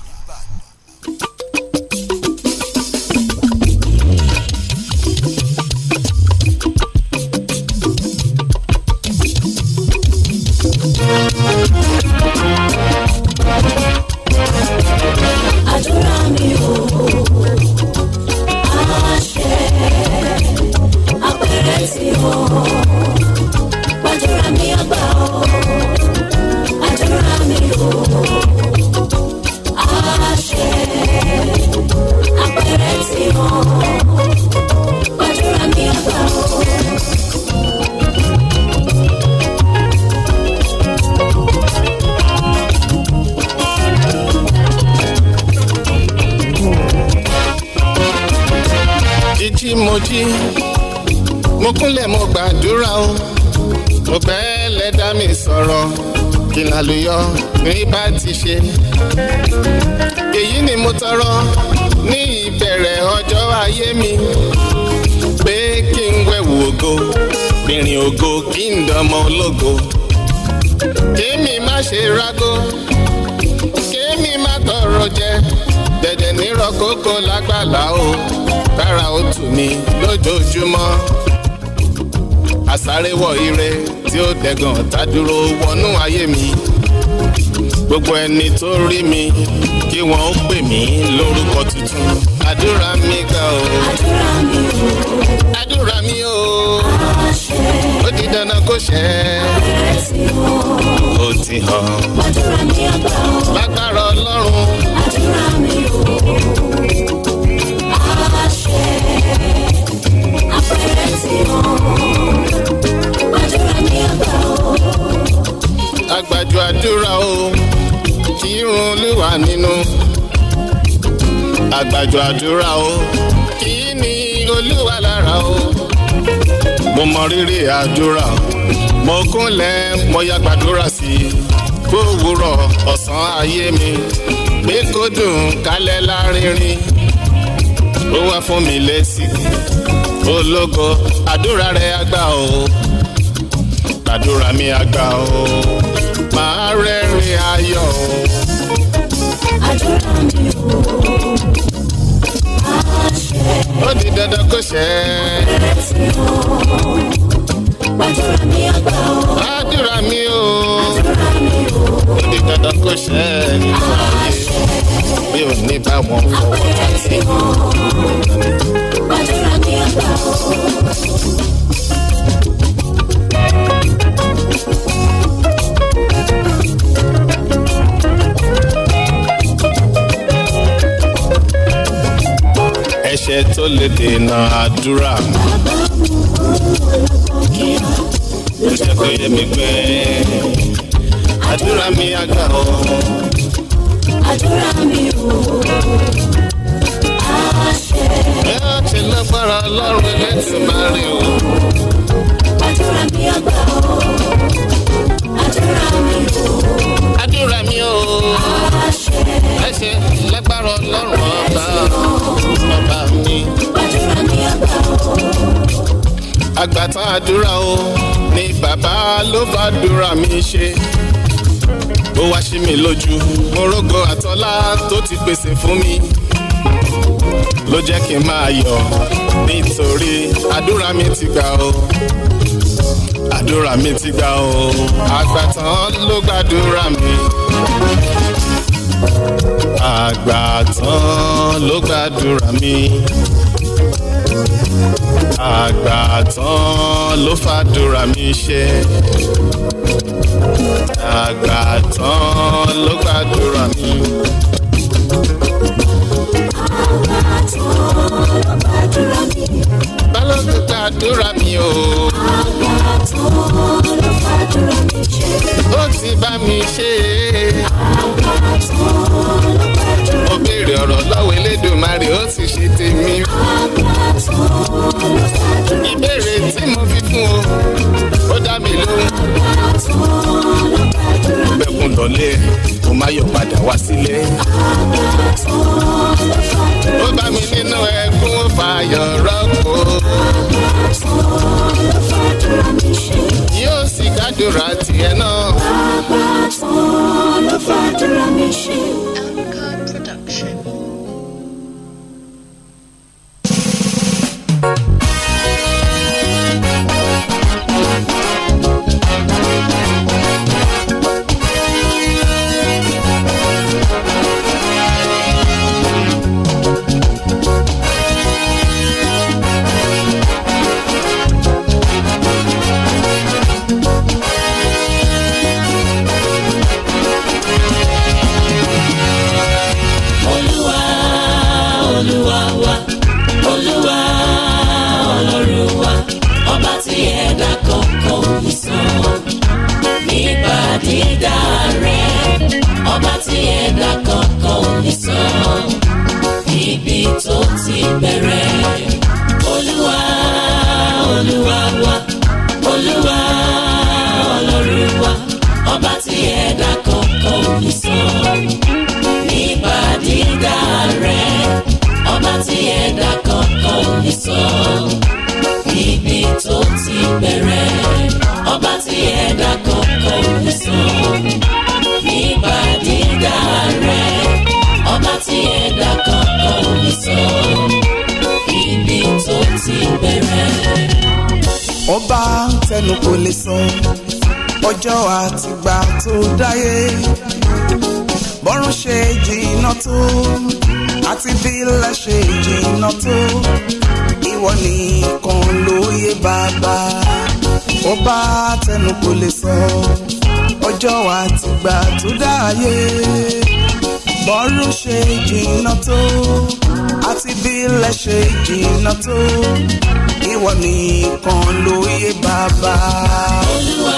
tó rí mi kí wọ́n ó pè mí lórúkọ tuntun àdúrà mi ga o àdúrà mi o ó di dandan kó ṣẹ ó ti hàn. nínú àgbàjọ àdúrà o kì í olúwa lára o mo mọ rírì àdúrà mo kúnlẹ̀ mo yá gbàdúrà sí i gbówúrọ̀ ọ̀sán ayé mi pé kó dùn kálẹ̀ lárinrin ó wá fún mi lésì ológo àdúrà rẹ àgbà o àdúrà mi àgbà o máa rẹ́rìn ayọ̀ o àjọyọ̀ mi o. ó di dandan kó ṣe é. àdúrà mi àgbà o. àdúrà mi o. àdúrà mi o. ó di dandan kó ṣe é nínú mi ò ní bá wọn fọwọ́ sí. àdúrà mi àgbà o. àṣẹ tó lè dènà àdúrà. ó jẹ́ kó yé mi pé àdúrà mi á gbà àdúrà mi ò àṣẹ. ẹ ti lágbára lọ́rùn Elédùmarè o. àdúrà mi á gbà àdúrà mi ò. àdúrà mi ò. àṣẹ ṣe lágbára ọlọ́run ọba ọba mi. àgbàtà àdúrà o ni bàbá ló bá dúrà mi ṣe ó wá sí mi lójú mo rógo àtọ́lá tó ti pèsè fún mi ló jẹ́ kí n máa yọ̀ nítorí àdúrà mi ti gbà o àdúrà mi ti gbà o àgbàtàn ló gbàdúrà mi àgbà tán ló gbàdúrà mi àgbà tán ló fàdúrà mi ṣe àgbà tán ló gbàdúrà mi. àgbà tán ló gbàdúrà mi ló tún gbàdúrà mi o. agbára tó ló fàdúrà mi ṣe. ó ti bá mi ṣe. agbára ló fàdúrà mi ṣe mo béèrè ọ̀rọ̀ lọ́wọ́ Elédùmarè ó sì ṣe tèmi. ìbéèrè tí mo fi fún o ó dá mi lóhùn. bẹ́kùn lọ́lé mo máa yọ padà wá sílé. ó bá mi nínú ẹkún ó rọ́pò. yóò sì gbàdúrà tiẹ̀ náà. bàbá tó ló fàdúrà mi ṣe. ẹ̀dá kankan ò lè sọ ibi tó ti bẹ̀rẹ̀ olúwa olúwa wa olúwa ọlọ́run wa ọba tí ẹ̀dá kankan ò lè sọ nípa dídá rẹ̀ ọba tí ẹ̀dá kankan ò sọ ibi tó ti bẹ̀rẹ̀ ọba tí ẹ̀dá kankan ò sọ. ọba tẹnu kò lè sọ ọjọ́ àtìgbà tó dáyé bọ́run ṣe jìnnà tó àti bílẹ̀ ṣe jìnnà tó ìwọ nìkan ló yé bàbá ọba tẹnu kò lè sọ ọjọ́ àtìgbà tó dáyé bọ́run ṣe jìnnà tó àti bílẹ̀ ṣe jìnnà tó ìwọ nìkan ló yé bàbá. olúwa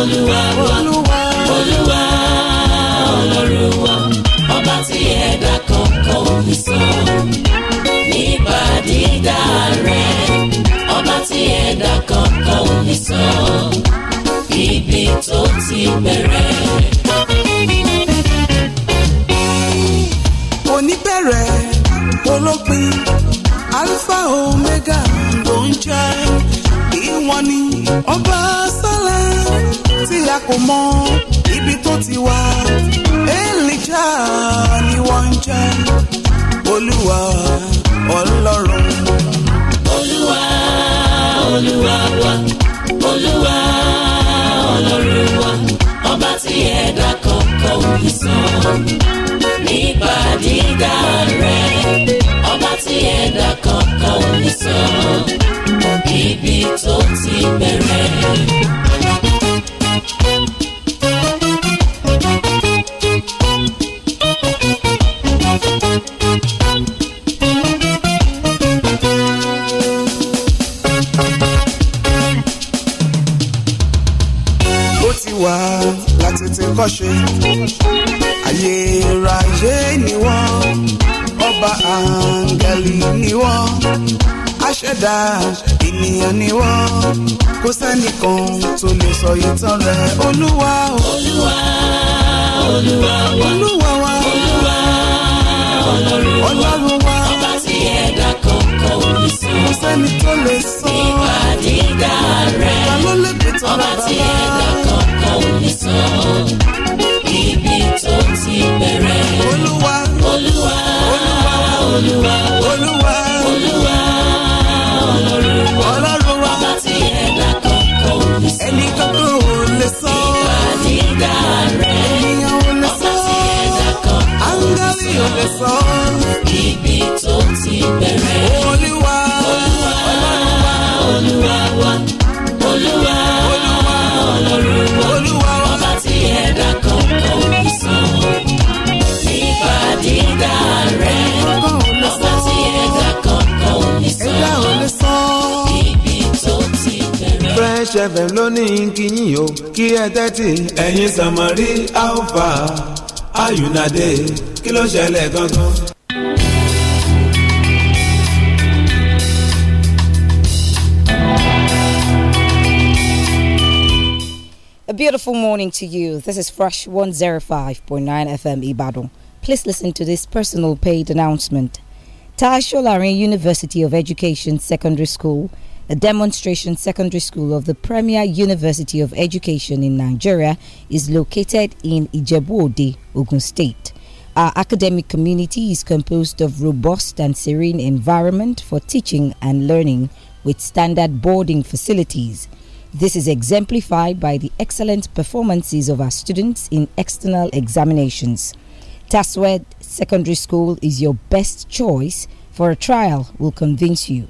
olúwa olúwa olúwa ọlọ́run wa ọba tí ẹ̀dá kankan ò fi sọ nípa dídá rẹ̀ ọba tí ẹ̀dá kankan ò fi sọ ibi tó ti bẹ̀rẹ̀. oníbẹ̀rẹ̀ olópin omega ló ń jẹ́ ìwọ ni ọba sálẹ̀ tí a kò mọ ibi tó ti wá èlìjà ni wọ́n ń jẹ́ olúwa ọlọ́run. olúwa olúwa wa olúwa ọlọ́run wa ọba tí ẹ̀dá kankan ò ní sọ nípa dídá tí ẹ̀dá kankan ò ní sọ ibi tó ti bẹ̀rẹ̀. nìkan tó lè sọ ìtàn rẹ̀ olúwa o. olúwa olúwa wa olúwa wa olúwa ọlọ́run wa ọlọ́run wa ọba tí ẹ̀dá kankan ò lè sọ. kò sẹ́ni tó lè sọ. nípa dídá rẹ̀ ọba tí ẹ̀dá kankan ò lè sọ. ibi tó ti bẹ̀rẹ̀ olúwa olúwa olúwa olúwa olúwa. ọ̀sán. Ibi tó ti bẹ̀rẹ̀. Olúwa. Olúwa Olúwa wa. Olúwa Ọlọ́run wa. Olúwa ọba tí ẹ̀dá kankan kì í san. Nípa dídá rẹ̀. Ọba tí ẹ̀dá kankan kì í san. Ẹ̀dá ò lè san. Ibi tó ti bẹ̀rẹ̀. Fresh FM ló ní kíyìn o kí ẹ tẹ́tì ẹ̀yin sàmọ́rí alpha ayùnádé kí ló ṣẹlẹ̀ gangan. A beautiful morning to you. This is Fresh 105.9 FM Ibadan. Please listen to this personal paid announcement. Taisho Larin University of Education Secondary School a demonstration secondary school of the Premier University of Education in Nigeria is located in Ijebu-Ode, Ogun State. Our academic community is composed of robust and serene environment for teaching and learning with standard boarding facilities. This is exemplified by the excellent performances of our students in external examinations. Taswed Secondary School is your best choice for a trial will convince you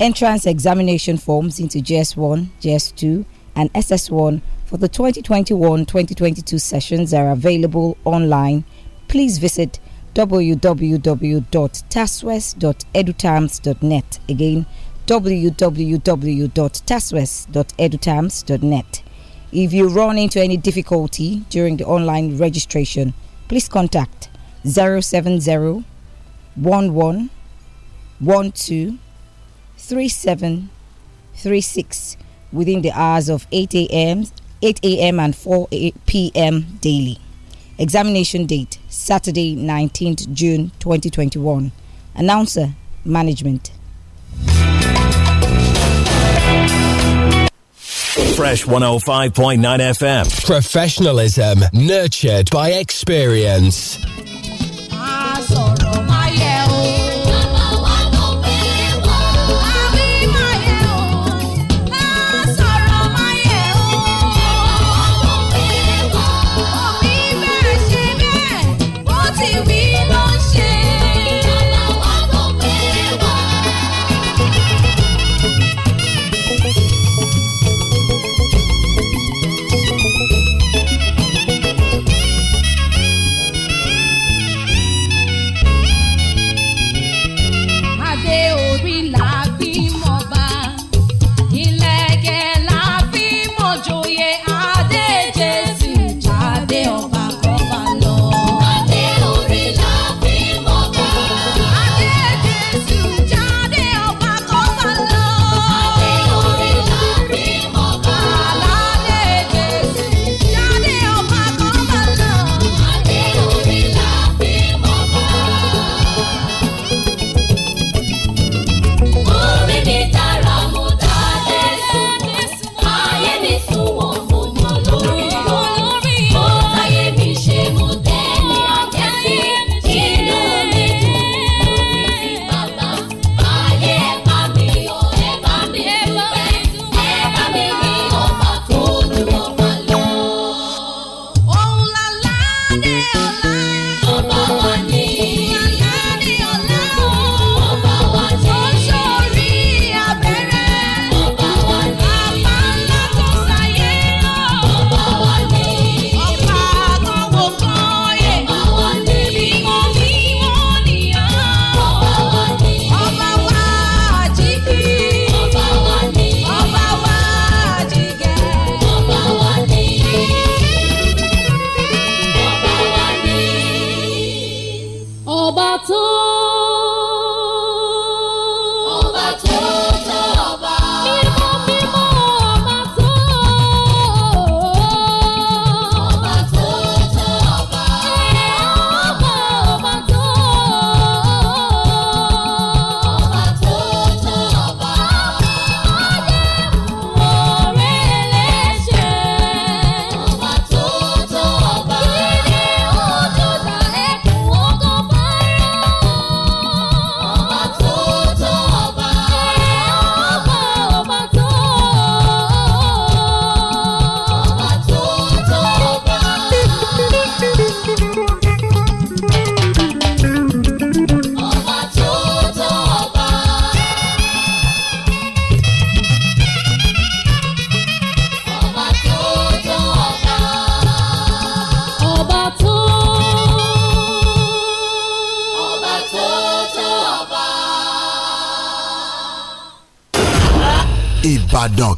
entrance examination forms into GS1, GS2, and SS1 for the 2021 2022 sessions are available online. Please visit www.taswes.edutams.net. Again, www.taswes.edutams.net. If you run into any difficulty during the online registration, please contact 070 11 12 3736 within the hours of 8 a.m. 8 a.m. and 4 p.m. daily. Examination date Saturday 19th June 2021. Announcer Management. Fresh 105.9 FM. Professionalism nurtured by experience.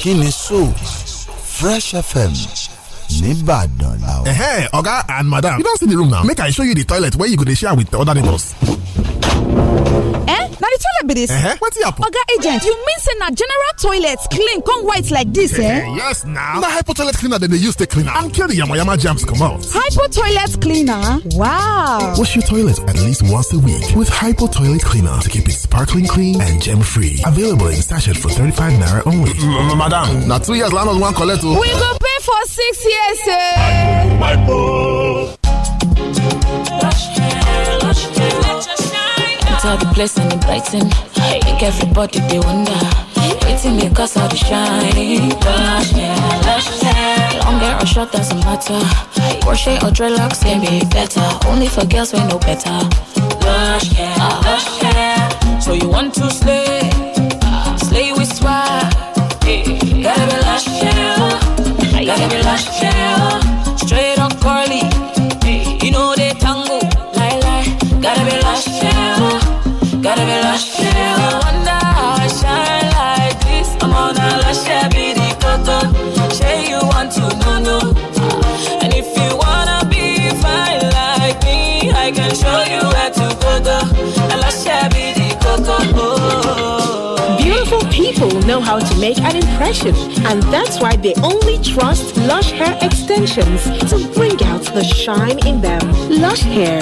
kí ni Fresh FM nìbàdàn làwọn. ẹ̀hẹ́ ọ̀gá and madam you don see the room now make i show you the toilet where you go dey share with other neighbors. What's dis wetin happen. oga agent you mean say na general toilet clean come white like this, eh yes na na hypo toilet cleaner dem dey use take clean am and kill di yamayama germs comot hypo toilet cleaner wow wash your toilet at least once a week with hypo toilet cleaner to keep it sparkling clean and germ free available in sachet for 35 naira only madam na two years landlord wan collect o oh. we go pay for six years eh all the place and it brighten. Make everybody they wonder. Waiting me cause all the shine. Lush hair, lush hair. Long hair or short doesn't matter. Crochet or dreadlocks can be better. Only for girls we know better. Lush hair, lush hair. So you want to slay? Slay with swag. Gotta be lush hair. Gotta be lush hair. know how to make an impression, and that's why they only trust Lush Hair Extensions to bring out the shine in them. Lush Hair,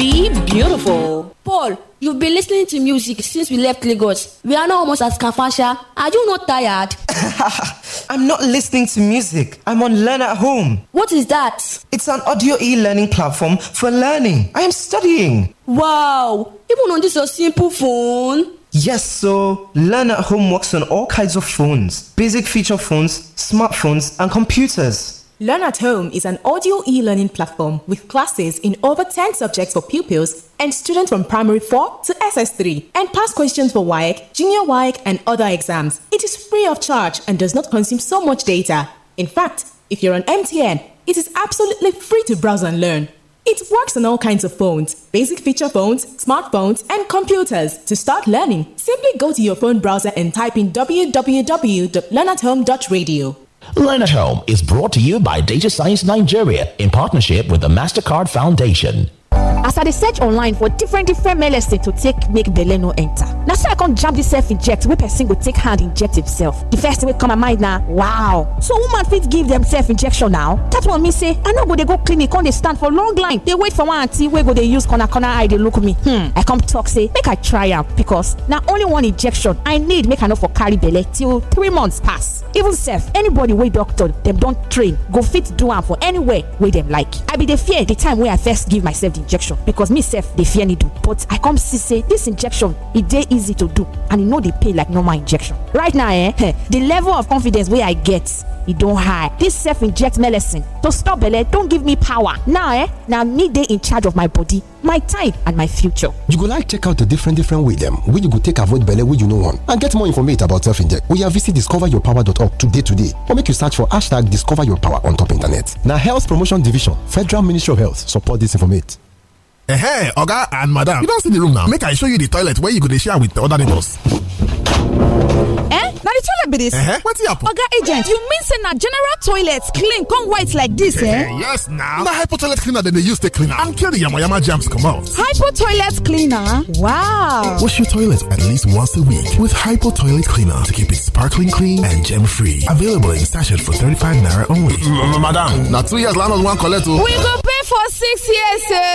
be beautiful. Paul, you've been listening to music since we left Lagos. We are now almost at Kafasha. Are you not tired? I'm not listening to music. I'm on Learn at Home. What is that? It's an audio e-learning platform for learning. I am studying. Wow! Even on this simple phone. Yes, so learn at home works on all kinds of phones, basic feature phones, smartphones, and computers. Learn at Home is an audio e learning platform with classes in over 10 subjects for pupils and students from primary 4 to SS3 and past questions for WAEC, junior WAEC, and other exams. It is free of charge and does not consume so much data. In fact, if you're on MTN, it is absolutely free to browse and learn. It works on all kinds of phones, basic feature phones, smartphones, and computers. To start learning, simply go to your phone browser and type in www.learnathome.radio. Learn at Home is brought to you by Data Science Nigeria in partnership with the MasterCard Foundation. as i dey search online for different different medicine to take make belle no enter na so i come jam this self inject wey person go take hand inject himself the first thing wey come my mind na wow so woman fit give dem self injection now that one mean say i no go dey go clinic come dey stand for long line dey wait for one aunty wey go dey use corner corner eye dey look me hmm i come talk say make i try am because na only one injection i need make i no for carry belle till three months pass even sef anybody wey doctor dem don train go fit do am for anywhere wey dem like i bin dey fear the time wey i first give myself the injection because me self they fear needle but i come see say this injection it dey easy to do and you know they pay like normal injection right now eh, eh the level of confidence where i get it don't high this self inject medicine to stop don't give me power now eh now me dey in charge of my body my time and my future. you go like check out the different different way them. Where you go take avoid belle where you no wan and get more information about self inject oya visit discoveryourpower.org today today or make you search for hashtag discover your power on top internet Now health promotion division federal ministry of health support this informate. Hey, oga and madam you don't see the room now make i show you the toilet where you go dey share with other neighbors. eh na the toilet be dis eh uh-huh. wetin happen. oga agent you mean say na general toilet clean come white like this, eh, eh yes na na hypo toilet cleaner dem dey use take clean am and kill di yamayama germs comot hypo toilet cleaner wow wash your toilet at least once a week with hypo toilet cleaner to keep it sparkling clean and germ free available in sachet for 35 naira only madam na two years landlord wan collect o oh. we go pay for six years eh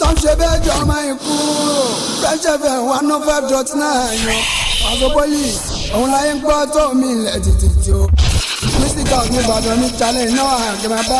tán ṣe bẹ́ẹ̀ jọ ọmọ ìkúrò Fresh FM one oh five dot nine yan Paso Police òun láyé ń gbọ́ tó mi ilẹ̀ tìtìtì o mísíkà òní Ìbàdàn ní challenge náà àgbẹ̀mọ̀ bá.